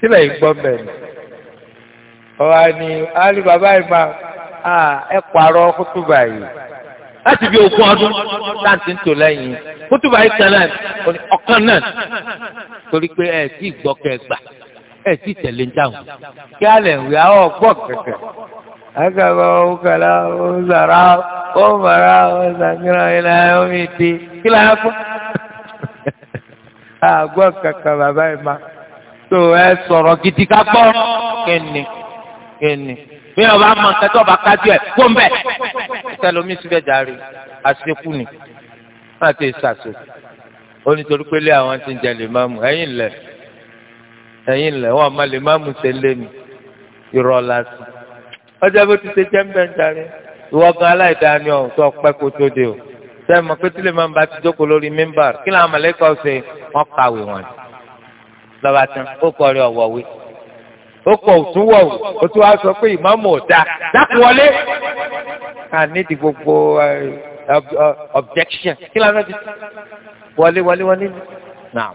kílẹ̀ yìí gbọ́ bẹ́ẹ̀ ni. ọ̀rọ̀ ni alì bàbá yìí máa ẹ pààrọ̀ kútùbà yìí láti bí ogún ọdún láti ń tò lẹ́yìn kútùbà yìí kan náà ọ̀kan náà torí pé ẹ̀ tí gbọ́ kẹgbà ẹ̀ tí tẹ̀lé ń dáhùn kí alẹ̀ ń rí àwọn ọgbọ́n kẹ̀kẹ́ haka ba ukala uzara umara uzakira ila yomi (laughs) e ti kila hapo àgbọ̀ kankan bàbá yìí ma tó ẹ sọ̀rọ̀ gidi ká gbọ́ kíni kíni bí wọn bá mọ kẹtọ bá kájú ẹ kó ń bẹ sẹlómi síbẹ̀ jàre àṣekú ni wọn àti ìsàṣe ó nítorí pé lé àwọn ti ń jẹ lè má mu ẹ̀yin lẹ ẹ̀yin lẹ wọn àmọ́ lè má ṣe lé mi ìrọ̀ lásán ọjọ́ bó ti ṣe jẹ́ ń bẹ̀ ń darí ìwọ gan aláìdáni ọ̀ tó ọpẹ́ kó tó de o sẹ́mi pé tí lè máa ń bá ti jókòó lórí mímbà kí làwọn mọ̀lẹ́kọ̀ ṣe wọ́n kàwé wọn lọ́ba tán ó kọrin ọ̀wọ̀wé ó kọ òtún wọ̀ ó tún wá sọ pé ìmáàmù ò dáa dákun wọlé ká nídìí gbogbo objection kí làwọn ti wọlé wọlé wọlé náà.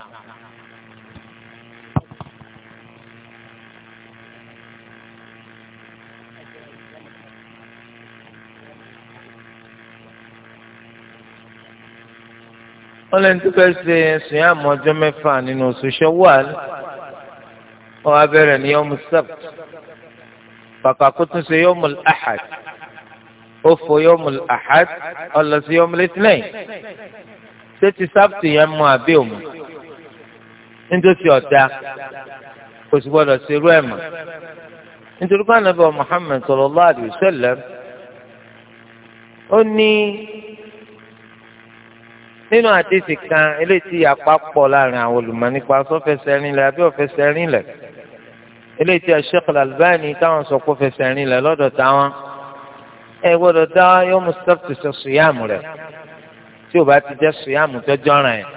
wọ́n lẹ́nu tó fẹ́ ṣe ẹ̀sùn yá mọ́ ọjọ́ mẹ́fà nínú oṣù Ṣawwal wọ́n á bẹ̀rẹ̀ ní yọ́mù Sabt kàkà kó tún ṣe yọ́mù Ahad ó fò yọ́mù Ahad ọ̀lọ́ sí yọ́mù Litinin ṣé ti Sabt yẹn mú àbí òmù nítorí ọ̀dà kò sì gbọ́dọ̀ ṣe irú ẹ̀ mọ́ nítorí pé ànábì Muhammad sallallahu alaihi ó ní nínú àdéhìí kan eléyìí àpapọ̀ láàrin àwọn olùmọ̀ nípa sọ́fẹsẹ̀ rinlẹ̀ àbí ọ̀fẹsẹ̀ rinlẹ̀ eléyìí tí Sheikh Al-Albani táwọn sọ kó fẹsẹ̀ rinlẹ̀ lọ́dọ̀ táwọn ẹ gbọ́dọ̀ dá yóò mú sọ́ọ̀tì sọ sùyàmù rẹ̀ tí ò bá ti jẹ́ sùyàmù tó jọ́ràn ẹ̀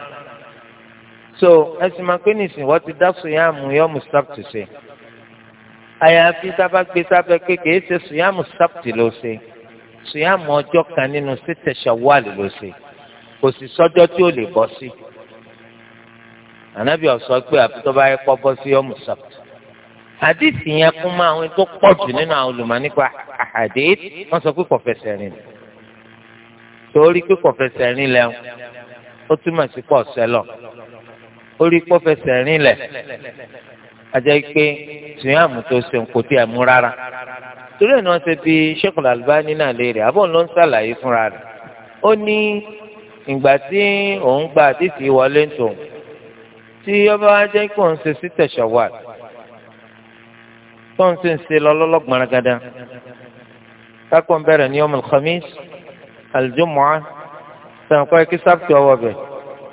so ẹ sì máa pé nìsín wọ́n ti dá sùyàmù yóò mú sọ́ọ̀tì ṣe àyàfi sábà gbé sábẹ́ pé kìí ṣe sùyàmù sọ́ọ̀tì ló ṣe sùyàmù ọjọ́ kan nínú sítẹ̀ ṣàwálì ló ṣe kò sì sọ́jọ́ tí ó lè bọ́ sí ànábì ọsọ pé àfi tó bá yẹ kó bọ́ sí ọmọ sọpt àdìsí yẹn kún mọ́ àwọn tó pọ̀ jù nínú àwọn olùmọ̀ nípa àhàdé wọ́n sọ pé kò fẹsẹ̀ rìn torí pé kò fẹsẹ̀ rìn lẹ ó túmọ̀ sí pọ̀ sẹ́lọ̀ ó rí rìn lẹ̀ ajẹ́ pé tùyàmù tó ṣe kò tí ẹ̀ mú rárá torí ẹ̀ ní wọ́n ṣe bí Sheikh Al-Albani náà léèrè àbọ̀ ló ń ṣàlàyé fúnra rẹ̀ ó ní ìgbà tí òun gba àdìsí wọlé ń tòun tí ọba wa jẹ́ kó ń ṣe sí tẹ̀sọ̀wà tó ń ṣe ń ṣe lọ́lọ́lọ́gbọ̀n gada kákọ́ ń bẹ̀rẹ̀ ní ọmọ alhamis aljumua sànkọ́ ẹ̀kí sábtì ọwọ́ bẹ̀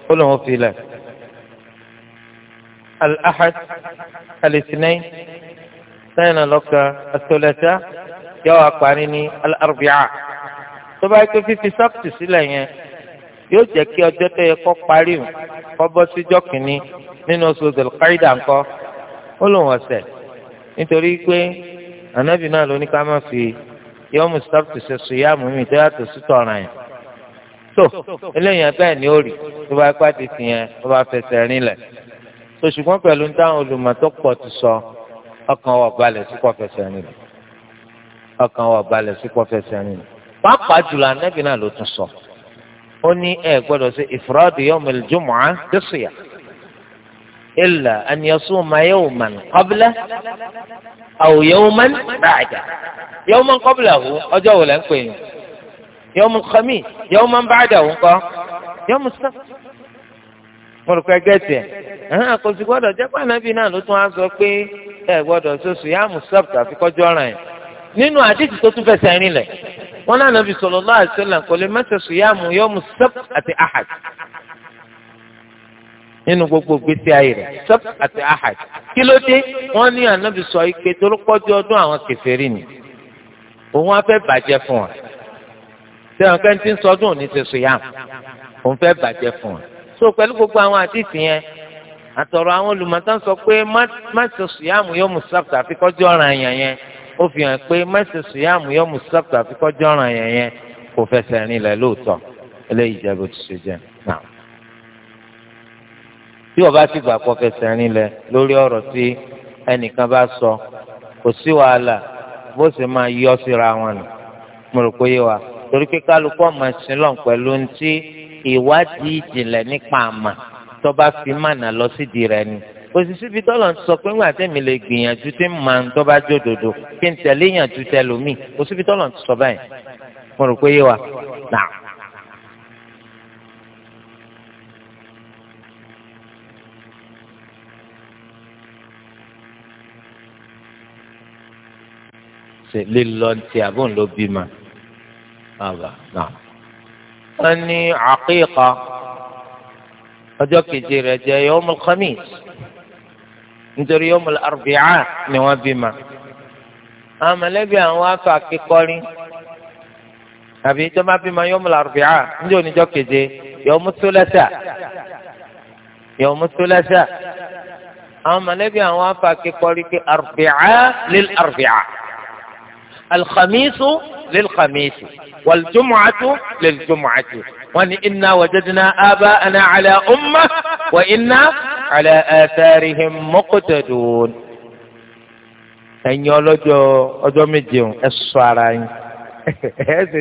ó lóun fi lẹ̀ alahad alisinai sẹ́yìn náà lọ́ka yọ àpárí ní alárùbíà tó bá yẹ kó fífi sábtì sílẹ̀ yẹn yóò jẹ́ kí ọjọ́ tó yẹ kó parí o kó bọ́ síjọ́ kìíní nínú oṣù zelkaida ńkọ́ ó lòun ọ̀sẹ̀ nítorí pé ànábì náà ló ní ká má fi yọmù sábtù ṣe sùyàmù mi tó yàtọ̀ sí tọ̀ràn yẹn tó eléyìí bẹ́ẹ̀ ni ó rí tó bá ipá ti tìyẹn tó bá fẹsẹ̀ rinlẹ̀ tó ṣùgbọ́n pẹ̀lú táwọn olùmọ̀ tó pọ̀ ti sọ ọkàn wọ̀ balẹ̀ sí kó fẹsẹ̀ rinlẹ̀ ọkàn wọ̀ balẹ̀ sí kó fẹsẹ̀ rinlẹ̀ pàápàá jùlọ ànábì náà ló tún sọ. So ó ní ẹ gbọ́dọ̀ ṣe ifrad yawm al-jum'ah bisiya illa an yasuma yawman qabla aw yawman ba'da yawman qablahu ọjọ́ wo lẹ́ ń pè yín yawm al-khamis yawman ba'dahu ńkọ́ yawm as-sabt mo rò pé gẹ́tì ẹ̀ ẹ̀hán kò sì gbọ́dọ̀ jẹ́ ànábì náà ló tún á sọ pé ẹ gbọ́dọ̀ ṣe sùyàmù sábà àfikọ́jọ́ ràn nínú àdìsí tó tún fẹsẹ̀ rinlẹ̀ wọn náà nàbì sallallahu alaihi wasallam kò lè mẹsẹ sùyàmù yọmù sẹp àti ahad nínú gbogbo gbèsè ayé rẹ sẹp àti ahad kí ló dé wọn ní ànábì sọ ike torí pọ́jú ọdún àwọn kèfèrí ni òun á fẹ́ bàjẹ́ fún wa sẹ́wọ̀n kẹ́ntì ń sọdún òní ti sùyàmù òun fẹ́ bàjẹ́ fún wa so pẹ̀lú gbogbo àwọn àdìsí yẹn àtọ̀rọ̀ àwọn olùmọ̀tán sọ pé má má sọ sùyàmù sẹp àfikọ́jọ́ ọ̀ràn yẹn yẹn ó fi hàn pé mẹ́sì sùyàmù yọmù sọ́kùtà àfikọ́ jọ̀ràn yẹn yẹn kò fẹsẹ̀ rinlẹ̀ lóòótọ́ eléyìí jẹ́ bó ti ṣe jẹ́ náà. bí o bá ti gbà kọ́ fẹsẹ̀ rinlẹ̀ lórí ọrọ tí ẹnìkan bá sọ kò sí wàhálà bó sì máa yọ síra wọn nù mo rò pé yé wa torí pé kálukú ọmọ sílọ̀n pẹ̀lú ntí ìwádìí ìjìnlẹ̀ nípa àmà tó bá fi mànà lọ sídìí rẹ̀ ni. òsì síbi tọ́lọ̀ ń sọ pé ńgbà tẹ́mi lè gbìyànjú tí ń máa ń tọ́ba jó dòdò kí n tẹ̀lé yànjú tẹlómi òsì síbi tọ́lọ̀ ń sọ báyìí mo rò pé yé wa nà. lílọ ti àbọ̀n ló bímọ àbà náà. wọ́n ní àkíkà ọjọ́ keje rẹ̀ jẹ́ yawmul khamis. nítorí yóò mọ̀lẹ́ àrùbíà ni wọ́n bí ma. àwọn mọ̀lẹ́bí àwọn aṣọ àkíkọ́rí àbí tó bá bí ma yóò mọ̀lẹ́ àrùbíà níjẹ́ níjó keje yóò mú sólẹ́sà yóò mú sólẹ́sà. àwọn mọ̀lẹ́bí àwọn aṣọ àkíkọ́rí pé àrùbíà lil àrùbíà alxamisu lil xamisu waljumucatu lil jumucatu wani inna wajadna aba ana cala umma wa ina. على آثارهم مقتدون ẹ̀yin ọlọ́jọ́ ọjọ́ méje ń ẹ ara yín (laughs) ẹ sì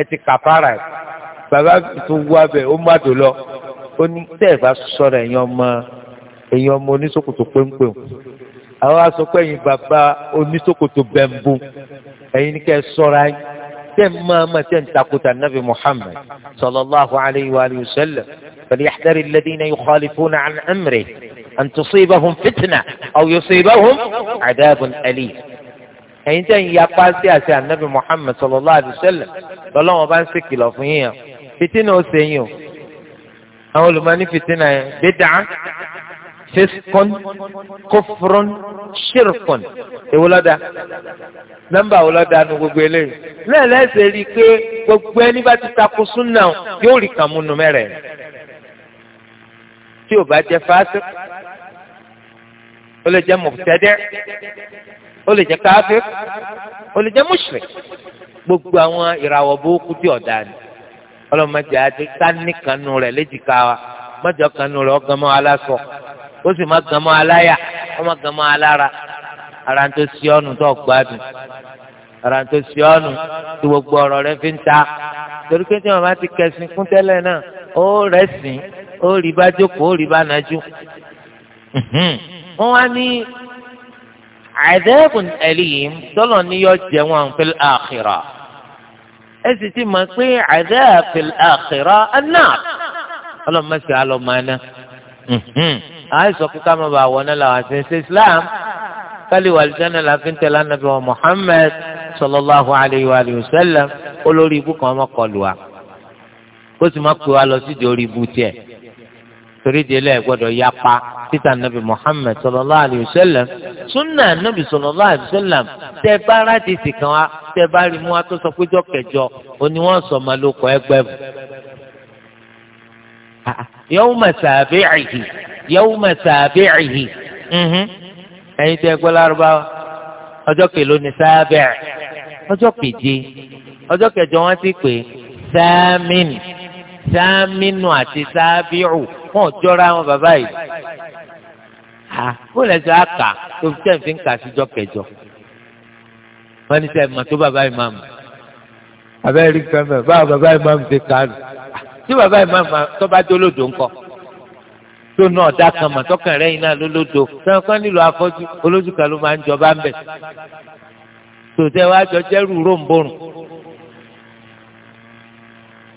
ẹ ti kàfàrà bàbá tó wú abẹ ó má dò lọ ó ní tẹ́ ẹ̀ bá ọmọ ẹ̀yin ọmọ oníṣòkòtò péńpéń àwọn aṣọ pé tẹ́ ń máa máa tẹ́ ń takùtà nàbì Muhammad sallallahu alayhi wa sallam فليحذر الذين يخالفون عن أمره أن تصيبهم فتنة أو يصيبهم عذاب أليم ẹ̀yin tẹ́ ń yapa sí àṣẹ ànábì Muhammad sallallahu alayhi wa sallam lọ́lọ́wọ́n bá ń ṣe kìlọ̀ fún yín fitina ó ṣe yín o àwọn olùmọ̀ ní fitina yẹn bídà fisikun kófurun ṣírkun ìwúlọ́dà nọ́mbà ìwúlọ́dà nu gbogbo eléyìí náà lẹ́sẹ̀ rí i pé gbogbo ẹni bá ti takò súnà yóò rí kàn múnú mẹ́rẹ̀ tí ò bá jẹ́ fásik ó lè jẹ́ mọ̀tẹ́dẹ́ ó lè jẹ́ káfík ó lè jẹ́ mùṣrik gbogbo àwọn ìràwọ̀ burúkú tí ọ̀dà ni ọlọ́mọdé adé ká ní rẹ̀ léjìká wa mọ́jọ́ kanú rẹ̀ ọgánmọ́ aláṣọ ó sì má gan mọ́ aláyà ó má gan mọ́ alára ara tó sí ọ́nù tó gbádùn ara tó sí ọ́nù tí gbogbo ọ̀rọ̀ rẹ fi ń ta torí pé tí wọn bá ti kẹsìn fún tẹ́lẹ̀ náà ó rẹ̀ sìn ó rí bá jókòó ó rí bá nájú wọn wá ní àdẹ́kùn ẹ̀lìyìn tọ́lọ̀ ní yọ jẹ́ wọn fil ẹ sì ti mọ̀ pé àdẹ́kùn fil ẹ̀ náà ọlọ́mọ sí alọ́ máa àìsàn kíkà máa bá wọnà làwọn àti ṣe islam kálí wàlìjánà làfin tẹ̀lé anabi wa muhammed sallallahu alayhi wa sallam olórí ibú kan máa kọlù wa kó sì máa pè wá lọ sídìí orí ibú tiẹ̀ torí délé ẹ̀ gbọ́dọ̀ yapa títà nabi muhammed sallallahu alayhi wa sallam sunna nabi sallallahu alayhi wa sallam tẹ bá rádi sì kan wa tẹ bá rí mu wa tó sọ pé jọ kẹjọ òní wọn ló kọ ẹgbẹ bù. yawma sabi'ihi yawma sabi'ihi mhm. ẹ̀yin tẹ́ gbọ́ lárúbáwá ọjọ́ kèló ni sábẹ́ ọjọ́ keje ọjọ́ kẹjọ wọ́n ti pè sámin sáminu àti sábìrù wọn ò jọra wọn bàbá yìí ha kó lẹ́sẹ̀ àkà tó fi tẹ̀ fi ń kà síjọ́ kẹjọ wọ́n ní sẹ́yìn mọ̀ tó bàbá yìí máa mọ̀ abẹ́rẹ́ rí kan mọ̀ báwo bàbá yìí máa mọ̀ ti kà á nù tí bàbá yìí máa mọ̀ tó bá dólódò ńkọ́ tó náà dá kan mà tọkàn rẹ yìí náà lólódo sẹ́wọ́n kan nílò afọ́jú olójú kan ló máa ń jọba ń bẹ̀ tòtẹ́ wàá jọ jẹ́rù róǹbòrùn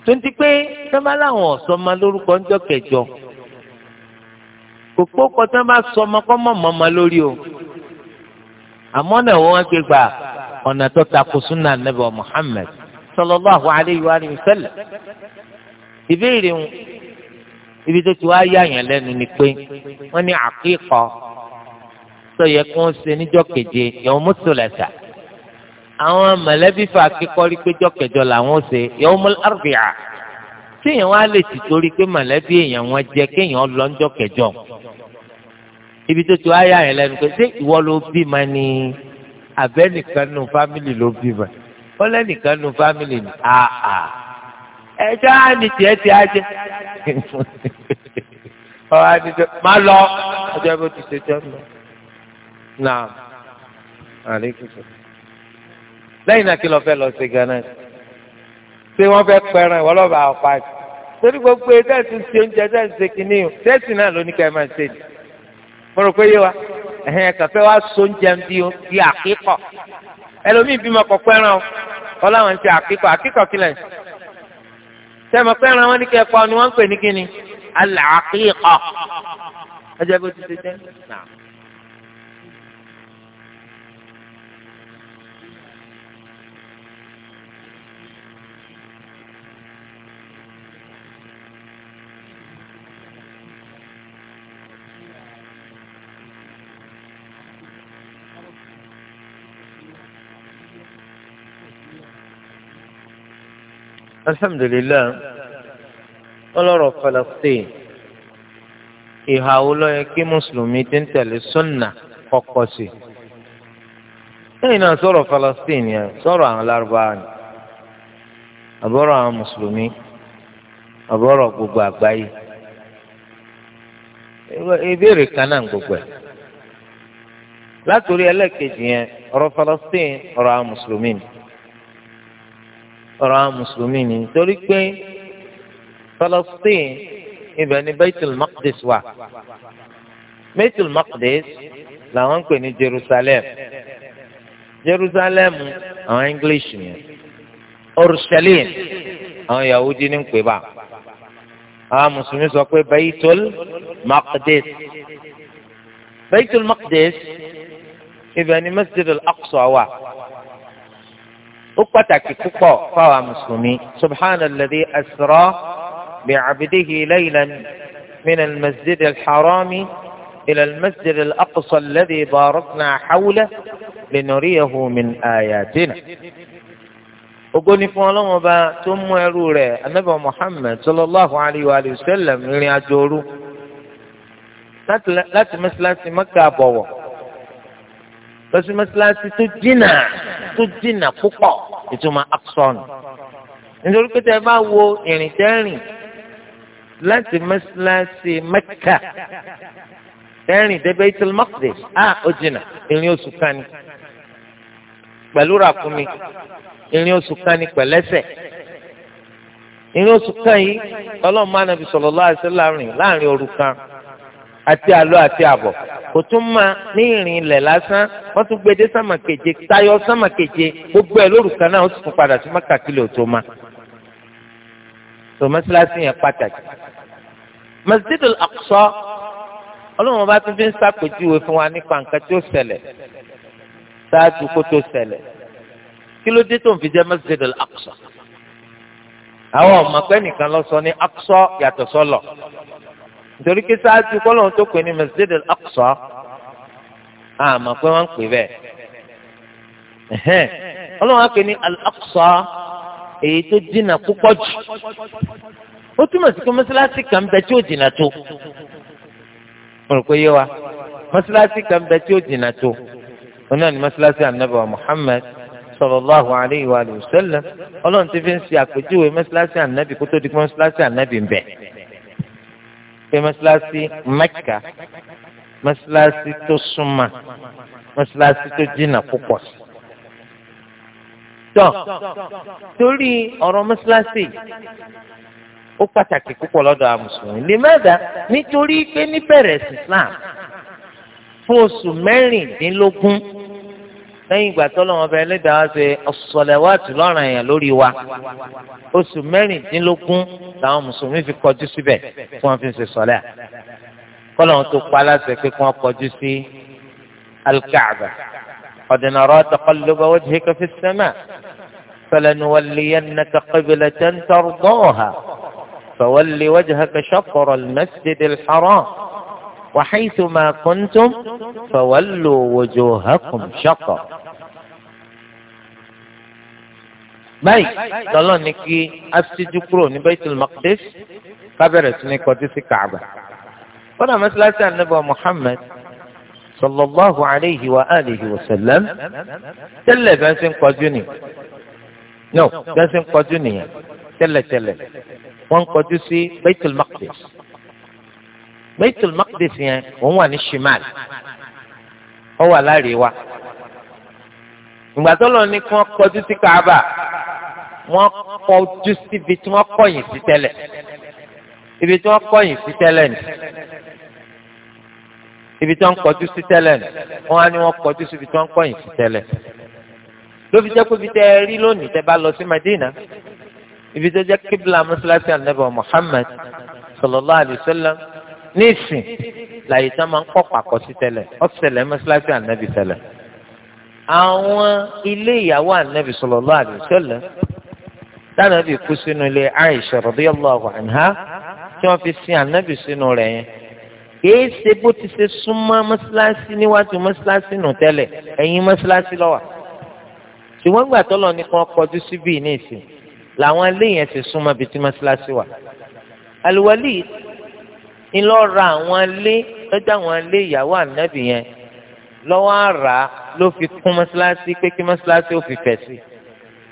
tó ń ti pé sẹ́mbà láwọn ọ̀sọ́mọ lórúkọ ńjọ́ kẹjọ kòkó kọtán bá sọmọ kọ́ mọ̀ mọ́mọ lórí o àmọ́ náà wọ́n ké gbà ọ̀nà tó takò súnà nàbẹ̀ Muhammad sallallahu alayhi wa sallam ìbéèrè wọn ibi tó ti wá yà yàn lẹ́nu ni pé wọ́n ní àkíkọ sọ yẹ kí ṣe níjọ́ keje yẹ̀wò mùsùlùmẹ́sà àwọn mọ̀lẹ́bí fà kíkọ́ rí pé jọ́ kẹjọ làwọn ṣe yẹ̀wò mùsùlùmẹ́sà tí èèyàn wá lè ti torí pé mọ̀lẹ́bí èèyàn wọn jẹ kéèyàn lọ níjọ́ kẹjọ ibi tó ti wá yà yàn lẹ́nu pé ṣé ìwọ ló bí ma ni abẹ́nìkan nu fámìlì ló bí ma wọ́n lẹ́nìkan nu fámìlì ni àà. Ah, ah ẹjọ́ àní tiẹ̀ ti ajẹ́ ọ̀rọ̀ àdìjọ́ má lọ ọjọ́ bó ti ṣe jọ́ lọ. Naam, àlékún sọ. Lẹ́yìn náà kí lọ fẹ́ lọ sí Ghana? Ṣé wọ́n fẹ́ pẹran ìwọ lọ́ba ọ̀pá jù? Torí gbogbo ẹ̀dẹ́sì ṣe oúnjẹ ẹ̀dẹ́sì kìíní o, ṣẹ́ẹ̀sì náà ló ní ká ẹ máa ṣe ni. Mo rò pé yé wa, ẹ̀hìn kàfẹ́ wa so oúnjẹ bí o, bí àkíkọ̀. Ẹlòmíì bímọ kọ̀ pẹran o, ọlọ́run ti àkíkọ̀, àkíkọ̀ kílẹ̀ ń ṣe sẹ́mi fẹ́ràn wọn ní kẹ́kọ̀ọ́ ni wọ́n ń pè ní kíni al-aqiqa. ẹ jẹ́ bó ti ṣe jẹ́ náà. alhamdulilayi ọlọ́rọ̀ Palestine ìhàwó ló yẹ kí mùsùlùmí ti ń tẹ̀lé sunna kọ́kọ́ sí lẹ́yìn náà sọ̀rọ̀ Palestine yẹn sọ̀rọ̀ àwọn lárúbáwá ni àbọ̀rọ̀ àwọn mùsùlùmí àbọ̀rọ̀ gbogbo àgbáyé ìbéèrè kan náà ọ̀rọ̀ àwọn mùsùlùmí ni torí pé Palestine ibẹ̀ ni Baitul Maqdis wà Baitul Maqdis làwọn ń pè ní Jerusalem Jerusalem àwọn English ni Urushalim àwọn Yahudi ní ń pè bá àwọn mùsùlùmí sọ pé Baitul Maqdis Baitul Maqdis ibẹ̀ ni Masjid al-Aqsa wà. ó pàtàkì púpọ̀ fáwọn mùsùlùmí subhanalladhi asra bi'abdihi laylan min al-masjid al-harami إلى المسجد الأقصى الذي باركنا حوله لنريه من آياتنا ogoni fún ọlọ́run ọba tó mú ẹrú rẹ̀ anabi muhammed sallallahu alayhi wa sallam rìn àjò òru láti mẹ́sàlásì mẹ́kà bọ̀wọ̀ lọ sí mọ́sálásí tó dínà tó dínà púpọ̀ ìtumọ̀ aksọ́nù nítorí pé tẹ́ bá wo ìrìn tẹ́rìn láti mọ́sálásí mẹ́kà tẹ́rìn dé Baitul Maqdis á ó jìnnà ìrìn oṣù kan ni pẹ̀lú ràkúnmi ìrìn oṣù kan ni pẹ̀lẹ́sẹ̀ ìrìn oṣù kan yìí ọlọ́run máa nàbì sallallahu alaihi wasallam láàrin òru kan àti àlọ àti àbọ̀ kò tún máa ní ìrìn ilẹ̀ lásán wọ́n tún gbede sánmà keje tayọ sánmà keje gbogbo ẹ̀ lóru kan náà ó sì tún padà sí Mẹ́kà kílẹ̀ òtó ma. tó mọ́sálásí yẹn pàtàkì. Masjidul Aqsa ọlọ́run bá tún fi ń ṣàpèjúwe fún wa nípa nǹkan tí ó ṣẹlẹ̀ ṣáájú kó tó ṣẹlẹ̀ kí ló dé tó ń fi jẹ́ Masjidul Aqsa àwọn ọmọ pẹ́ nìkan lọ sọ ní Aqsa yàtọ̀ sọ́lọ̀ nítorí pé sáájú kọ́lọ́n tó pè ní Masjid al-Aqsa àmọ́ pé wọ́n ń pè bẹ́ẹ̀ ọlọ́run á pè ní al-Aqsa èyí tó dínà púpọ̀ jù ó túmọ̀ sí pé mọ́sálásí kan bẹ tí ó dínà tó mo rò pé yé wa mọ́sálásí kan bẹ tí ó dínà tó wọn náà ní mọ́sálásí Ànábì wa Muhammad sọlọláhu aleyhi wa aleyhi Ọlọ́run ti fi ń ṣe àpèjúwe mẹsàlásì ànábì kó tó di mẹsàlásì ànábì ń bẹ pé mọ́ṣáláṣí mẹ́kà mọ́ṣáláṣí tó súnmọ́ mọ́ṣáláṣí tó jìnnà púpọ̀ sí. tọ́ torí ọ̀rọ̀ mọ́ṣáláṣí ó pàtàkì púpọ̀ lọ́dọ̀ àwọn mùsùlùmí lè má dá nítorí pé níbẹ̀rẹ̀ sí Islam fún oṣù mẹ́rìndínlógún lẹ́yìn ìgbà tó lọ́wọ́ bẹ ẹlẹ́dàá ṣe ọ̀sọ̀lẹ̀wàtì lọ́ràn yẹn lórí wa oṣù mẹ́rìndínlógún làwọn mùsùlùmí fi kọjú síbẹ̀ fún wọ́n fi ṣe sọ̀lẹ́ kọ́lọ̀ wọn tó pa aláṣẹ pé kí wọ́n kọjú sí alkaaba ọ̀dẹ̀nà ọ̀rọ̀ taqalluba wajhika fi sama falanuwalliyannaka qiblatan tardaha fawalli wajhaka shatra al-masjid al-haram. وحيثما كنتم فولوا وجوهكم شقا باي دلو نكي أفسدو كرو نبيت المقدس قبرة اسمه في الكعبه فلا مثل النبي محمد صلى الله عليه وآله وسلم تلا بانسن قدوني نو بانسن قدوني تلا تلا وانقدوسي بيت المقدس Baitul Maqdis yẹn òun wà ní shimal ó wà láríwá ìgbà tó lọ ní kí wọ́n kọjú sí Kaaba wọ́n kọjú síbi tí wọ́n kọ̀yìn sí tẹ́lẹ̀ ibi tí wọ́n kọ̀yìn sí tẹ́lẹ̀ ni ibi tí wọ́n kọjú sí tẹ́lẹ̀ ni wọ́n á ní wọ́n kọjú síbi tí wọ́n kọ̀yìn sí tẹ́lẹ̀ ló fi jẹ́ pé ibi tẹ́ ẹ rí lónìí tẹ́ bá lọ sí Madina ibi tó jẹ́ kíbla mọ́sálásí ànábì Muhammad sallallahu alaihi nísìn làyè tí wọn máa ń kọ́ pàkọ́ sí tẹ́lẹ̀ ọ̀sẹ̀lẹ̀ mọ́sálásí ànábì tẹ́lẹ̀ àwọn ilé ìyàwó ànábì sallallahu alaihi wasallam tánàbì kú sínú ilé Aisha radiyallahu anha tí wọ́n fi sin ànábì sínú rẹ̀ yẹn kìí ṣe bó ti ṣe súnmọ́ mọ́sálásí níwájú mọ́sálásí nù tẹ́lẹ̀ ẹ̀yìn mọ́sálásí lọ́wọ́ ṣùgbọ́n gbà tọ́lọ̀ ní kan kọjú síbí ní ìsìn làwọn ilé yẹn ti súnmọ́ bíi ti wà. àlùwálì ńlọ ra àwọn ilé lọ́jà àwọn ilé ìyàwó ànábì yẹn lọ́wọ́ àrà ló fi kún mọ́ṣáláṣí pé kí mọ́ṣáláṣí ó fi fẹ̀ sí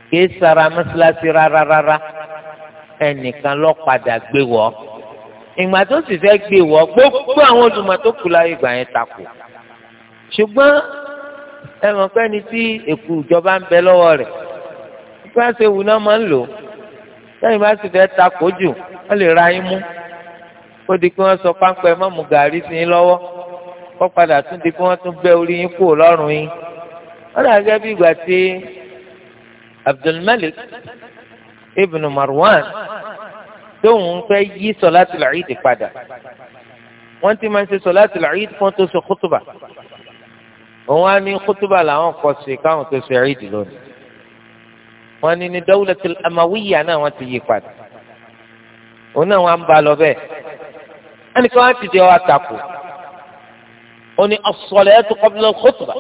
kìí sara mọ́ṣáláṣí rárárárá ẹnìkan lọ padà gbé wọ́ ìgbà tó sì fẹ́ gbé wọ́ gbogbo àwọn olùmọ̀ tó kù láyé ìgbà yẹn takò ṣùgbọ́n ẹ mọ̀ pé ẹni tí èkú ìjọba ń bẹ lọ́wọ́ rẹ̀ ìgbà tó ṣe wù náà máa ń lò sẹ́yìn bá sì fẹ́ takò jù wọ́n lè ra yín mú ó di kí wọ́n sọ páńpẹ́ mọ́mú gàrí sí yín lọ́wọ́ kó padà tún di kí wọ́n tún gbé orí yín kúrò lọ́rùn yín wọ́n dà gẹ́gẹ́ bí ìgbà tí Abdulmalik ibn Marwan tóun fẹ́ yí sọ̀láàtì làídì padà wọ́n ti máa ń ṣe sọ̀láàtì làídì fún tó ṣe kútùbà òun á ní kútùbà làwọn kọ sí káwọn tó ṣe àídì lónìí wọ́n ní ní dawlatul amawiyya náà wọ́n ti yí padà òun náà wọ́n á ń ba lọ bẹ́ẹ̀ ẹnìkan wá ti di ọ àtàkù ó ní as-salatu qabla al-khutbah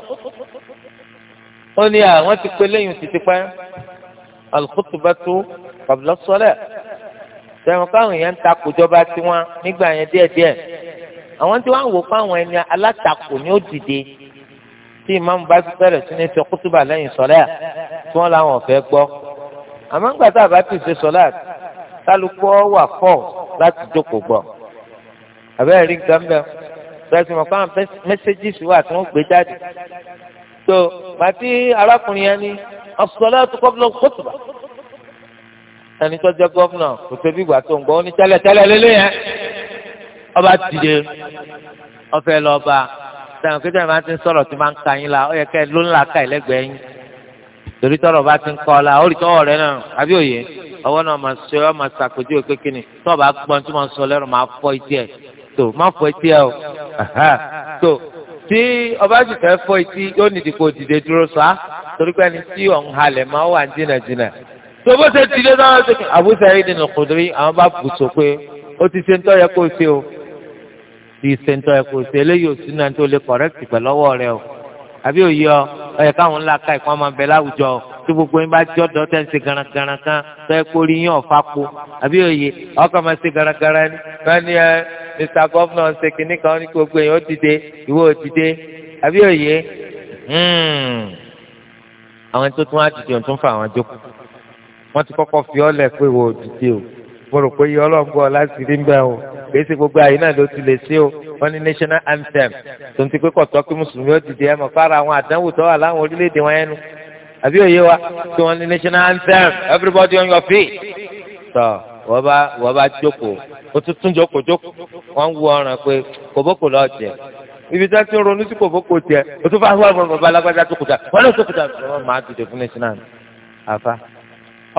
ó ní àwọn ti pé lẹ́yìn títí pẹ́ al-khutbatu qabla as-salat sẹ́wọ̀n káwọn èèyàn ń takò jọba tiwọn nígbà yẹn díẹ̀díẹ̀ àwọn tí wọ́n wò fún àwọn ẹni alátakò ni ó tí ìmáàmù bá bẹ̀rẹ̀ sí ní sọ kútùbà lẹ́yìn sọ́lá tí wọ́n làwọn ọ̀fẹ́ gbọ́ àmọ́ ńgbà tá a bá ti ṣe sọ́lá kálukú wà fọ́ láti jókòó gbọ́ àbẹ́rẹ́ rí nǹkan bẹ́ẹ̀ sọ́ọ́sì mọ̀ fáwọn mẹ́sẹ́gìs wà tí wọ́n gbé jáde. so màtí arákùnrin yẹn ni as-salatu qabla al-khutbah ẹni tó jẹ́ gọ́vnà kò tóbi ìgbà tó ń gbọ́ ó ní tẹ́lẹ̀ tẹ́lẹ̀ lélẹ̀ yẹn ọba dìde ọfẹ lọba sẹ́yìn kí sẹ́yìn bá ti ń sọ̀rọ̀ tí máa ń ka yín la ó yẹ kẹ́ ló ń la ka ẹlẹ́gbẹ̀ẹ́ yín torí tọ́rọ̀ bá ti ń kọ́ la ó rí tọ́wọ́ rẹ náà àbí òye ọwọ́ náà máa ṣe ọ́ máa ṣàpèjúwe kékeré tọ́ọ̀ bá gbọ́n tí wọ́n sọ lẹ́rù máa fọ́ ìdí ẹ̀ so má fọ etí ẹ o so tí ọba sì fẹ́ fọ etí yóò ní ìdìbò dìde dúró sá torí pé ẹni tí ọ̀ ń halẹ̀ máa wà jìnnàjìnnà tó bó ṣe dìde náà ṣe kí Abu Sa'id al-Khudri àwọn bá bù pé ó ti ṣe ń tọ́ yẹ kó ṣe o ti ṣe ń tọ́ yẹ kó ṣe eléyìí ò sínú àti olè kọ̀rẹ́kì pẹ̀lú ọwọ́ rẹ o àbí òye ọ ọyẹ káwọn ńlá ka ìpamọ́ máa bẹ láwùjọ tí gbogbo yín bá jọ dọ́ ń ṣe garangaran kan tọ́ yẹ ọ̀fà po àbí òye ọkọ̀ máa ṣe garangaran ni mr governor ṣe kínní kan ní gbogbo èèyàn ó dìde ìwọ ó dìde àbí òye hmm. àwọn tó tún á dìde òun tún fa àwọn jókòó wọ́n ti kọ́kọ́ fi ọlẹ pé ìwọ ó dìde o mo rò pé iye ọlọ́gbọ́ láti rí bẹ́ẹ̀ o kìí ṣe gbogbo àyè náà ló ti lè ṣe o wọ́n ní national anthem tó ń ti pé kọ̀tọ́ kí mùsùlùmí ó dìde ẹ̀ mọ̀ fara àwọn àdánwò tó wà láwọn orílẹ̀-èdè wọn yẹn nu àbí òye wa tí wọ́n ní national anthem everybody on your feet. So, wọ́n bá wọ́n bá jókòó ó tún tún jókòó jókòó wọ́n ń wo ọ̀ràn pé kòbókò lọ́ọ́ jẹ ibi tí wọ́n ti ronú sí kòbókò jẹ ó tún bá wà wọn bàbá alágbádá tó kùtà wọ́n lọ tó kùtà wọ́n máa dìde fún national àfa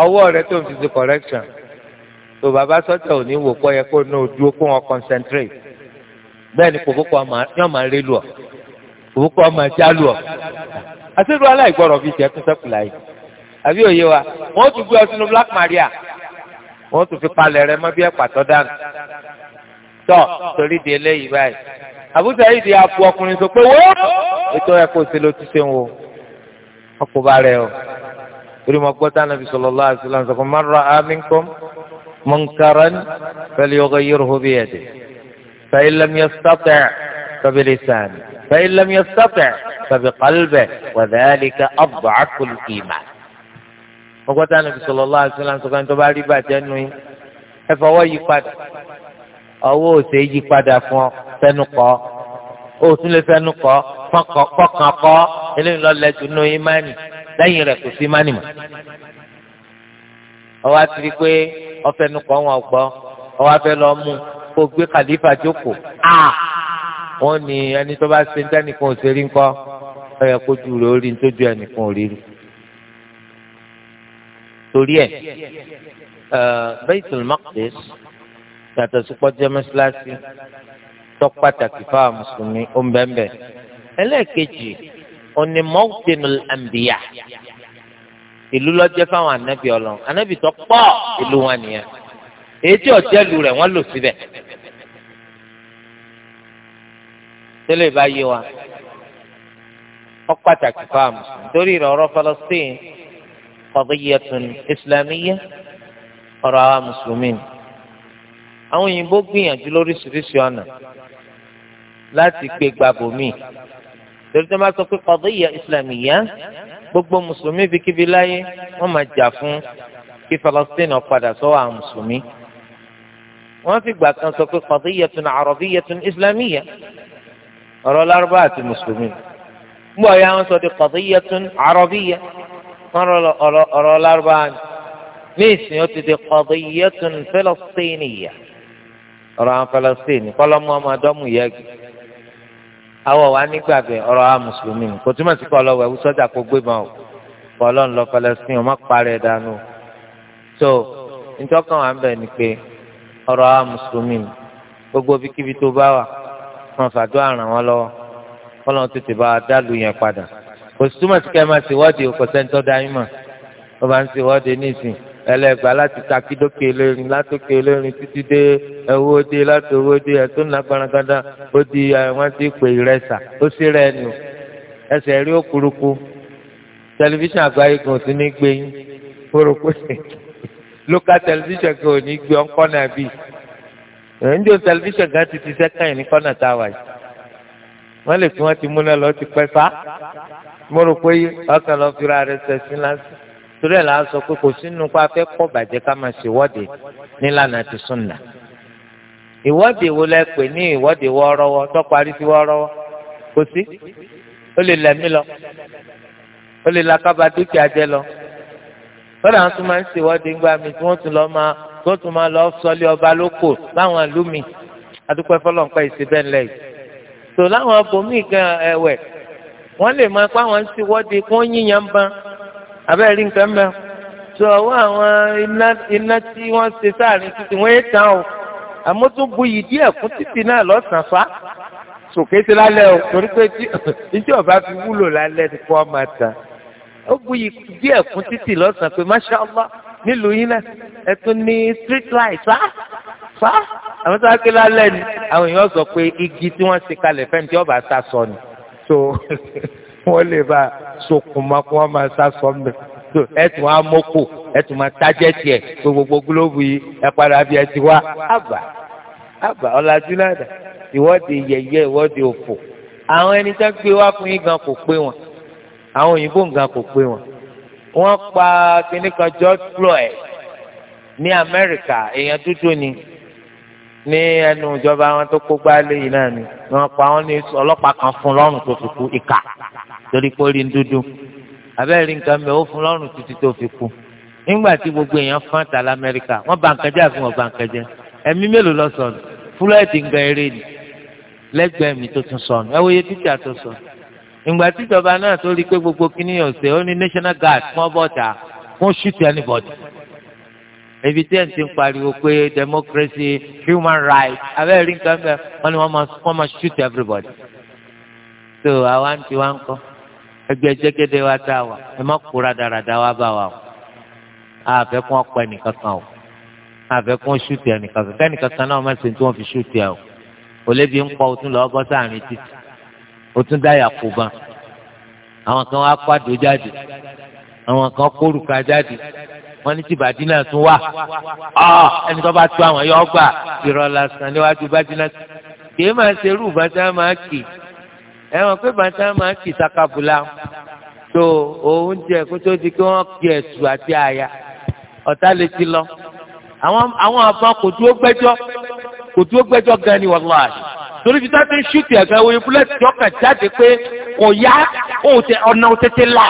ọwọ́ rẹ tó ń fi ṣe correction tó bàbá sọ́jà ò ní wò pọ́ yẹ kó ní ojú kó wọn concentrate bẹ́ẹ̀ ni kòbókò yóò máa rí lù ọ́ kòbókò máa já lù ọ́ àti ìlú aláìgbọ́rọ̀ bíi jẹ́ tó sẹ́kù láyé àbí òye wa wọ́n tún gbé ọ sínú Black Maria wọ́n tún fi palẹ̀ rẹ mọ́ bí e pato dànù. tọ́ torí di eléyìí báyìí abuse àṣìlá àpò ọkùnrin sọ pé wọ́n ètò mọ́nrọ lo ti ṣe ń wo pẹ̀lú bá rẹ̀ o torí mo gbọ́ tánà bí sallallahu alaihi wasallam sọ fún man ra'a minkum munkaran falyughayyirhu biyadihi fa in lam yastati' fabilisanihi fa in lam yastati' fabiqalbihi wa dhalika ad'afu al-iman. ọgọ́ta nàbì sallallahu alaihi wasallam sọ fún tó bá rí bàjẹ́ nu yín ẹ fọwọ́ yí padà ọwọ́ òsè yí padà fún ọ fẹnu kọ́ ó tún lè fẹnu kọ́ kọ́kàn kọ́ eléyìí lọ lẹ́jọ́ nu yín mánì lẹ́yìn rẹ̀ kò sí mánì mọ́ ọwọ́ àti rí pé ọfẹnu kọ́ wọn gbọ́ ọwọ́ afẹ́ lọ mú kó gbé kàlífà jókòó a wọ́n ní ẹni tó bá ṣe ń dánìkan òṣèré ńkọ́ ó kó ju rẹ̀ ó rí tó ju ẹnìkan ò torí ẹ̀ Baitul Maqdis yàtọ̀ sípò jẹ́ mọ́ṣáláṣí tó pàtàkì fáwọn mùsùlùmí ó ń bẹ́ẹ̀ ẹlẹ́ẹ̀kejì òní mawtinul anbiya ìlú lọ́jẹ́ fáwọn anábì ọlọ́run anábì tó pọ̀ ìlú wọn nìyẹn èyí tí ọ̀jẹ́ lu rẹ̀ wọ́n lò síbẹ̀ tẹ́lẹ̀ bá yé wa ó pàtàkì fáwọn mùsùlùmí torí ìrọ̀rọ̀ Falastin قضية إسلامية قرأها مسلمين àwọn òyìnbó gbìyànjú lóríṣiríṣi ọ̀nà láti gbé gbàgbó mi torí tó máa sọ pé qadiyya islamiyya gbogbo mùsùlùmí fi kíbi láyé wọ́n máa jà fún kí Palestine padà sọ́wọ́ àwọn mùsùlùmí wọ́n fi gbà kan sọ pé qadiyyatun arabiyyatun islamiyya ọ̀rọ̀ lárúbá àti mùsùlùmí gbọ́ ya wọ́n sọ di qadiyyatun arabiyya. wọ́n rọ ọ̀rọ̀ lárúbáwá ní ìsìn ó ti di qadiyyatun filastiniyya ọ̀rọ̀ àwọn Palestine kọ́lọ́mù ọmọ adọ́mù yẹ́gì awọ wa nígbà bẹ ọ̀rọ̀ àwọn mùsùlùmí kò túmọ̀ sí kọ́ ọlọ́wọ́ ẹ̀wù sọ́jà kó gbé bọ́n o kọ́ ọlọ́run lọ Palestine ọmọ parẹ́ dànù so ntọ́kàn wà ń bẹ̀ ni pé ọ̀rọ̀ àwọn mùsùlùmí gbogbo bíkíbi tó bá wà wọn fàdó àràn wọn lọ́wọ́ kọ́lọ́run tètè bá wa yẹn padà kò sí túmọ̀ sí kẹ́ ẹ máa ṣèwọ́de kò sẹ́ńtọ́ dání mọ̀ wọ́n bá ń ṣèwọ́de nísìn ẹlẹ́gbà láti ta kídókè lórin látòkè lórin títí dé owó dé láti owó dé ẹ̀ tó ń lágbára gánà ó di wọ́n ti pè ìrẹsà ó sì rẹ̀ nù ẹsẹ̀ rí òkúrukú tẹlifíṣàn àgbáyé kan ò sí ní gbé yín kúrukú lókà (laughs) tẹlifíṣàn kan ò ní gbé ọ̀nkọ́nà bíi ẹ̀ńdíò tẹlifíṣàn kan ti ti sẹ́kàn ní kọ́nà táwa yìí wọ́n lè fi wọ́n ti múná lọ ti pẹ́ sá mo rò pé ọkàn lọ fira rẹ sẹsìn lásán torí ẹ̀ là á sọ pé kò sínú pa fẹ́ kọ́ bàjẹ́ ká máa ṣèwọ́de nílànà ti súnà ìwọ́de wo lẹ pè ní ìwọ́de wọ́ọ́rọ́wọ́ tó parí sí wọ́ọ́rọ́wọ́ kò sí ó lè lẹ̀mí lọ ó lè lakaba dúkìá jẹ lọ lọ́dà wọn tún máa ń ṣèwọ́de ńgbà mi tí wọ́n tún lọ máa tí wọ́n tún máa lọ sọlé ọba lóko láwọn ìlú mi adúpẹ́ fọlọ́npẹ́ ìṣẹ́bẹ̀ yìí tò láwọn abòmí gan ẹ̀wẹ̀ wọ́n lè máa pa àwọn ń ṣèwọ́de kí wọ́n yíyan ń ban abẹ́ rí nǹkan mẹ́ tó ọwọ́ àwọn iná tí wọ́n ṣe sáàrin títí wọ́n yé tán o àmọ́ tó buyì díẹ̀ kún títì náà lọ́sàn-án fa sòkè sí lálẹ́ o torí pé (laughs) tí ọba fi wúlò lálẹ́ ni kò máa tà ó buyì díẹ̀ kún títì lọ́sàn-án pé masha allah nílùú yín náà ẹ tún ní street light fa fa àwọn tó wá pé lálẹ́ ni àwọn èèyàn sọ pé igi tí wọ́n ṣe kalẹ̀ fẹ́ni tí ọba ta sọ ni so wọ́n lè bá sokùnmọ́ kí wọ́n máa sá sọ mbẹ́ so ẹ tún á mọ́kò ẹ tún máa tájẹ́ tiẹ̀ gbogbogbò gílóòbù yìí ẹ padà bí ẹ ti wá àbà àbà ọ̀làjú náà dà ìwọ́de yẹ̀yẹ́ ìwọ́de òfò àwọn ẹni tó gbé wá fún yín gan kò pé wọn àwọn òyìnbó gan kò pé wọn wọ́n pa kíní kan George Floyd ní Amẹ́ríkà èèyàn dúdú ni ní ẹnu ìjọba wọn tó kó gbálẹ̀ yìí náà ni wọ́n pa wọ́n ní ọlọ́pàá kan fún lọ́rùn tó fi kú ìkà torí pé ó rí dúdú abẹ́rẹ́ nǹkan mẹ́ ó fún lọ́rùn títí tó fi kú nígbà tí gbogbo èèyàn fún ta lamẹ́ríkà wọ́n bà nǹkan jẹ́ àfi wọ́n bà nǹkan jẹ́ ẹ̀mí mélòó lọ sọ̀nù fúlọ́ọ̀dì ń gan eré ni lẹ́gbẹ̀ẹ́ mi tó tún sọ̀nù ẹ wòye dúkìá tó sọ̀nù ìgbà tí ìjọba náà tó rí pé gbogbo kíníyàn ṣe ó ní national guard fún ọbọ̀ta fún shoot anybody ibi tí ẹ̀ ń ti ń pariwo pé democracy human rights abẹ́rẹ́ rí nǹkan bẹ́ẹ̀ wọ́n ní wọ́n máa shoot everybody. so àwa ń tiwa ń kọ́ ẹgbẹ́ jẹ́gẹ́dẹ́ wa dá wa ẹ má kóra dáradára wa bá wa o àfẹ́ kún ọ̀pọ̀ ẹnìkan kan o àfẹ́ kún ṣùtì ẹnìkan kan kẹ́nìkan kan náà má ṣe tí wọ́n fi ṣùtì ẹ o olébi ń pọ̀ òtún lọ́ọ́ bọ́ sáàrin títì òtún dáyà kó ban àwọn kan wá pàdó jáde àwọn kan kórùka jáde wọ́n ní tí bàdínà tún wà ọ ẹni tó bá tu àwọn yọ ọgbà ìrọ̀ lásán níwájú bàdínà kì í máa ṣe irú bàtà máa kì ẹ wọn pé bàtà máa kì sakabula tó òun jẹ kó tó di kí wọ́n kí ẹ̀sù àti àyà ọ̀tá lè ti lọ àwọn àwọn kò dúró gbẹ́jọ́ kò dúró gbẹ́jọ́ gan ni wàlláhi torí fi sáté ṣúùtì ẹ̀ka ìwòye búlẹ̀tì ọkàn jáde pé kò yá ọ̀nà òtẹ́tẹ́ là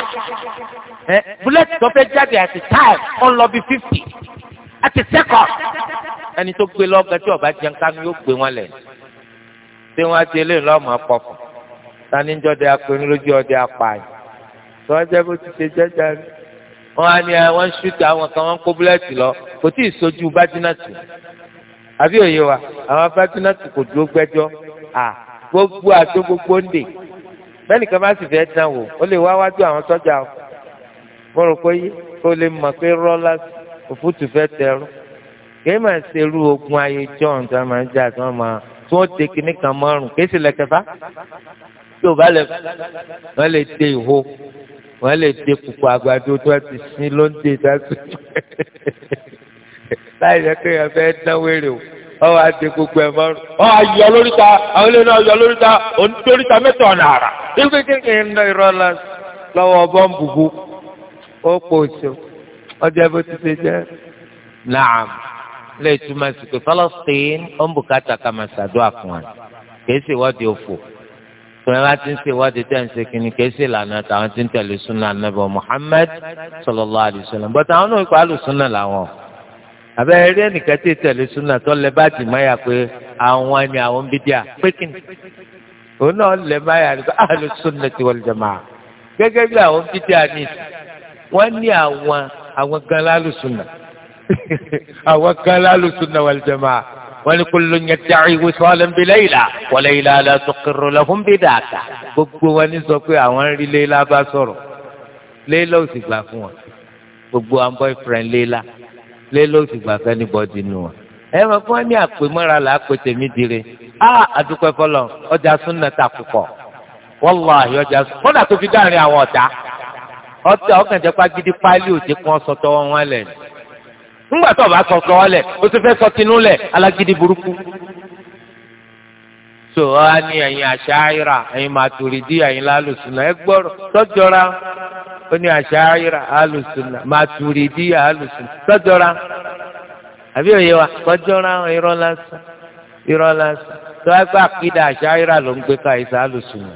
ẹ eh, búlẹ́tì tó fẹ́ jáde àti táì ọ̀n lọ bí fífì àti sẹ́kọ̀ ẹni tó gbé lọ́gàn tí ọba jẹun kánú yóò gbé wọn lẹ̀ tí wọ́n á ti eléyìí lọ́mọ pọ̀fọ̀ tani ń jọdẹ apẹ̀rún lójú ọdẹ apààyàn tí wọ́n jẹ́ bó ti ṣe jẹ́jà rí wọ́n á ní eh, wọ́n ṣúùtì àwọn kan wọ́n kó búlẹ́tì lọ kò tí ì sojú bájínàtì àbí òye wa àwọn bájínàtì kò dúró gbẹ́jọ́ à gbogbo àti gbogbo ń dè bẹ́ẹ̀ nìkan bá sì fẹ́ dán wò ó lè wá wájú àwọn sọ́jà o mọ̀rọ̀ pé kó lè mọ̀ pé rọ́lá òfútù fẹ́ tẹ̀rù kìí máa ṣe irú ogun ayé john tí wọ́n máa ń jà tí wọ́n máa tí wọ́n tẹ kínní kan márùn kìí sì lẹ́kẹ̀fá tí ò bá lẹ wọ́n lè tẹ ìhó wọ́n lè tẹ kùkù àgbàdo tí wọ́n ti sin ló ń tẹ ìdásí láì jẹ́ pé ẹ fẹ́ dánwó èrè o ọwọ́ àti gbogbo ẹ̀ mọ́rún. ọ ayọ̀ lóríta àwọn ilé náà ayọ̀ lóríta onítoríta mẹ́tọ̀ ọ̀nà àrà. ní kékeré ń lọ ìrọ̀lá lọ́wọ́ bọ́ǹbùbù ó pò sí ọjọ́ bó ti ṣe jẹ́ naam lè túmọ̀ sí pé Palestine ó ń bùkátà ká máa ṣàdúrà fún wa kìí ṣe ìwọ́de òfò tòun bá ti ń ṣe ìwọ́de tẹ̀ ń ṣe kìnnì kìí ṣe ìlànà táwọn ti ń tẹ̀lé súnà nàbẹ Muhammad sallallahu alaihi wasallam bọ́tà àwọn náà kọ́ àlùsúnà làwọn àbẹ eré ẹnìkan tí tẹ̀lé súnà tó lẹ bá ti máyà pé àwọn ni àwọn ń bídíà pékin òun náà lẹ máyà àlùsúnà wal jamaa gẹ́gẹ́ bí àwọn ń bídíà ní ìsìn wọ́n ní àwọn àwọn gan lálùsùnà àwọn gan lálùsùnà wal jamaa wọ́n ní kullu yadda'i wisalan bi Layla wa Layla la tuqirru lahum bi dhaka gbogbo wọn ní sọ pé àwọn ń rí Layla bá sọ̀rọ̀ Layla ò sì gbà fún wọn gbogbo àwọn boyfriend Layla Layla ò sì gbà fẹ́ ní bọ́ọ̀dì nù wọn ẹ máa fún wa ní àpèmọ́ra là á pè tèmi dire a àdúpẹ́ fọlọ́ ọjà súnà ta púpọ̀ wọ́láhì ọjà súnà kódà tó fi dáàrin àwọn ọ̀tá ọtá ọkàn jẹ pa gidi pálí òjì kan sọtọ wọn lẹ nígbà tó o bá sọ sọ lẹ o ti fẹ́ sọ tinú lẹ alágídí burúkú. so ọ ní ẹ̀yin àṣàyíra ẹ̀yin màtúrídì ẹ̀yin lálùsùnà ẹ gbọ́rọ̀ tọ́jọ́ra ó ní àṣàyíra àlùsùnà màtúrídì àlùsùnà tọ́jọ́ra àbí òye wa tọ́jọ́ra irọ́ lásán irọ́ lásán tó wá gbà kí àṣàyíra ló ń gbé ká ìsàlùsùnà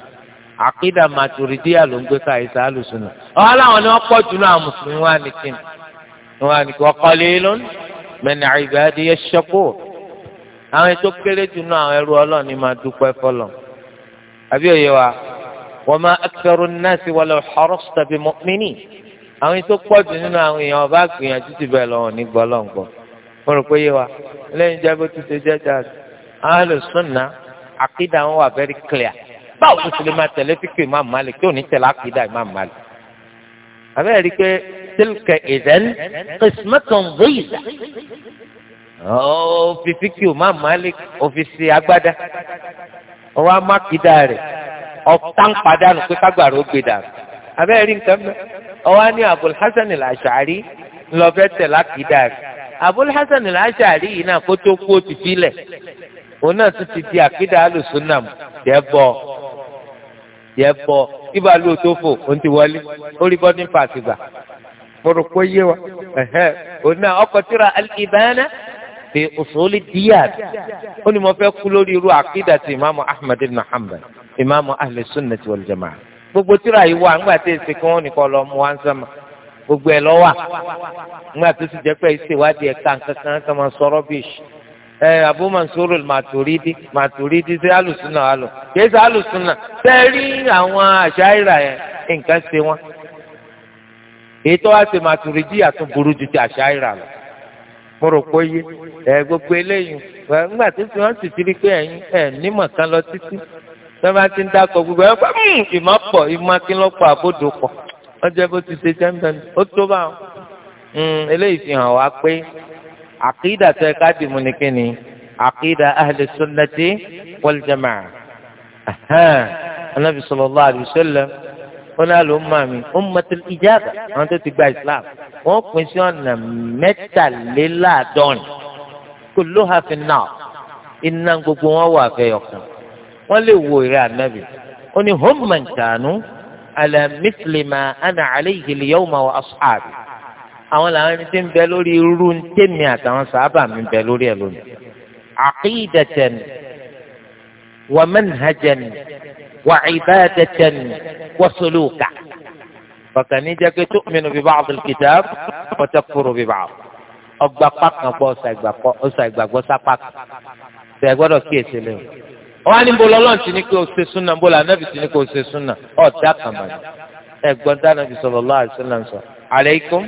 àkídà màtúrídíà ló ń gbé ká ìsà àlùsùnà ọ̀hún làwọn ni wọ́n pọ̀ jù náà mùsùlùmí wà ní kíni wọ́n ní kò qalilun min ibadiya ash-shakur àwọn ètò kéré jù náà àwọn ẹrú ọlọ́ọ̀ni máa dúpẹ́ fọlọ́ àbí wa wa ma aktharu an-nasi walau harasta bi mu'minin àwọn ètò pọ̀ jù nínú àwọn èèyàn ọba gbìyànjú ti bẹ̀ lọ́wọ́ ní báwo ló ti lè máa tẹ̀lé fíkì Imam Malik tí ò ní tẹ̀lé àkìdá Imam Malik. abẹ́rẹ́ rí i pé tilkẹ̀ ìdẹ́n qismatun dhiza òfin fíkì Imam Malik òfin sí agbádá ọwọ́ amákìdá rẹ̀ ọ̀tán padànù pé kágbàrá ó gbé dànù abẹ́rẹ́ rí nǹkan mẹ́ ọwọ́ ní Abul Hasan al tẹ̀lé àkìdá rẹ̀ Abul Hasan yìí náà kó tó kú ó òun náà tún ti di àkídà alùsùnà tẹ bọ yẹ bọ kí bàálù tó fò ó ti wọlé ó rí boarding pass gbà fọ̀rọ̀ kó yé wa òun náà ọkọ̀ tíra al-Ibana fi usuli diyad ó ní mo fẹ́ kú lórí irú àkídà ti imaamu Ahmad ibn Hanbal imaamu ahli sunnati wal jamaa gbogbo tíra yìí wà ńgbà tí èsì kan nìkan lọ mú wá ń sọmọ gbogbo ẹ lọ wà ńgbà tó ti jẹ pé ìṣèwádìí ẹ̀ka nǹkan kan kan máa sọ rọ́bìṣì ẹ Abu Mansur al-Maturidi Maturidi ṣe alùsùnà alù kìí ṣe alùsùnà tẹ́rí àwọn àṣàyíra yẹn nǹkan ṣe wọn ètò àti Maturidi àtún burú ju ti àṣàyíra lọ mo rò pé yé ẹ gbogbo eléyìí ẹ ńgbà tó ti wọn sì ti rí pé ẹ̀yin ẹ nímọ̀ kan lọ títí bẹ́ẹ̀ bá ti ń dákọ̀ gbogbo ẹ fà hmm, ìmọ̀ pọ̀ ìmọ̀ akínlọ́pọ̀ àbódò pọ̀ wọ́n jẹ́ bó ti ṣe jẹ́ ń bẹ́ẹ̀ ó tó bá wọn hmm, eléyìí fi hàn wá pé àkìdá tó ẹ̀ka dìmú ni kíni àkìdá ahli sunnati wal jamaa anabi sallallahu alaihi wasallam wọn náà ló ń mọ àmì ummatul ijaba àwọn tó ti gba islam wọn pín sí ọ̀nà mẹ́tàléláàádọ́rin kulluha fin nar iná gbogbo wọn wà fẹyọkan wọn lè wo ìrẹ ànábì ó ní hum man kanu ala mithli ma ana alayhi al-yawma wa ashabi àwọn làwọn ẹni tí ń bẹ lórí irú tèmi àtàwọn sàábà mi bẹ lórí ẹ lónìí. aqidatan wa manhajan wa ibadatan wa suluka. ọ̀kan ní jẹ́ pé tu'minu bi ba'd al-kitab wa takfuru bi ba'd. ọgbà pàkàn pọ̀ ọ̀sà ìgbàgbọ́ sápá tẹ̀ gbọ́dọ̀ kíyèsí lẹ́yìn. wọ́n á ní bọ́lá ọlọ́run ti ní kí o ṣe súnà bọ́lá anábì ti ní kí o ṣe súnà ọ̀dà kàmá ẹ̀gbọ́n dáná bí sallallahu alaihi wasallam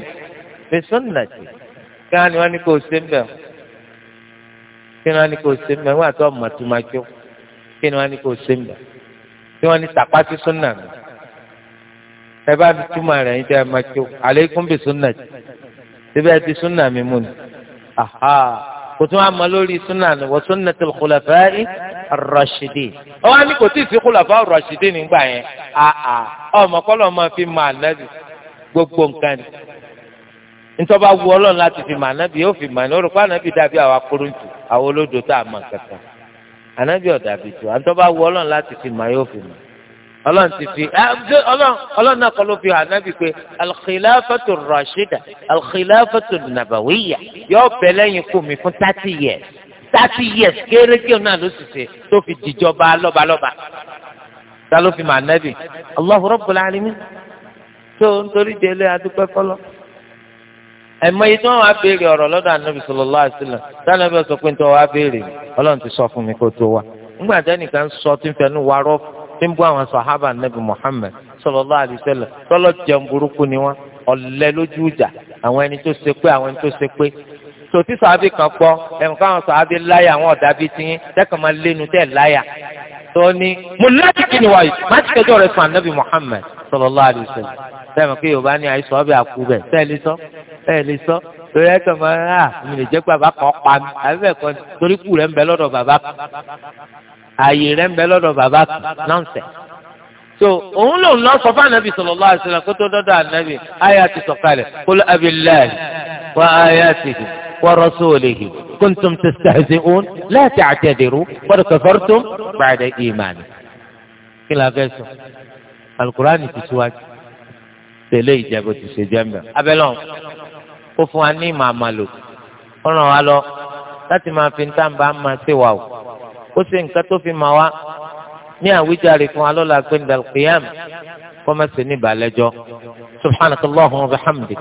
bẹ́sọ̀nàtì kí wọ́n ní wọ́n ní kó ṣe ń bẹ̀ kí wọ́n ní kó ṣe ń bẹ̀ wọ́n àti ọmọ tó máa jó kí wọ́n ní kó ṣe ń bẹ̀ kí wọ́n ní tàpá sí súnà mi ẹ bá ti túmọ̀ rẹ̀ yín tẹ́ ẹ máa jó àlékún bẹ́sọ̀nàtì síbẹ̀ ti súnà mi mú ni kò tún àmọ́ lórí súnà ni wọ́n súnà tó khulafai rọ̀ṣìdì ọwọ́ á ní kò tí ì sí khulafai rọ̀ṣìdì nígbà yẹn àà máa fi máa nẹ́bi gbogbo nǹkan ni ntọ́ba wu ọlọ́run láti fi mà ànábì yóò fi mà ní orúkọ ànábì dàbí àwọn akóróntù àwọn olódò tá a mọ̀ kankan ànábì ọ̀dàbí tó àtọ́ba wu ọlọ́run láti fi mà yóò fi mà ọlọ́run ti fi ọlọ́run náà kọ́ ló fi ànábì pé al-khilafatu rashida al-khilafatu nabawiya yóò bẹ̀ lẹ́yìn kú mi fún thirty years thirty years kéréké náà ló sì ṣe tó fi dìjọba lọ́balọ́ba tá ló fi mà ànábì Allahu Rabbul Alamin tó nítorí délé ẹ̀mọ yìí tí wọ́n wá béèrè ọ̀rọ̀ lọ́dọ̀ ànábì sallallahu alaihi wasallam sànàbì sọ pé nítorí wá béèrè ti sọ fún mi kó tó wa ńgbà tẹ́nìkan sọ tí ń fẹnu wa rọ́ tí ń bọ́ àwọn sàhábà ànábì Muhammad sallallahu alaihi wasallam jẹun burúkú ni wọ́n ọ̀lẹ́ lójú ìjà àwọn ẹni tó ṣe pé àwọn ẹni tó ṣe pé tòtí sàábì kan pọ̀ ẹ̀mí káwọn láyà àwọn ọ̀dà bíi tiyín máa lénu tó ní mùnàfíkì ni wàyí má ti kẹjọ rẹ fún anabi Muhammad sallallahu alaihi wasallam sẹmi pé yorùbá ní àìsàn ọbẹ àkúbẹ sẹẹlì sọ sẹẹlì sọ torí ẹsẹ mọ ẹ ah, mi lè jẹ pé bàbá kan pa mi àbí bẹ́ẹ̀ kọ́ torí kù rẹ ń bẹ lọ́dọ̀ bàbá kan ààyè rẹ ń bẹ lọ́dọ̀ bàbá kan nọọsẹ so òun lòun lọ sọ fún anabi sallallahu alaihi wasallam kó tó dọdọ anabi ayé àti sọ̀kalẹ̀ ورسوله كنتم تستهزئون لا تعتذروا قد كفرتم بعد إيمانكم إلى فيسو القرآن تسواج tẹlẹ ìjẹbù ti ṣe jẹ mbẹ abẹlọ ó fún wa ní ìmọ̀ àmàlò ó ràn wá lọ láti máa fi ntàǹbà máa ṣe wà o ó ṣe nǹkan tó fi máa wá ní àwíjàre fún wa lọ́la gbẹ̀ndàlùkìyàm kọ́mẹ́sì ní ìbàlẹ́jọ́ subhanakallahumma wa bihamdik.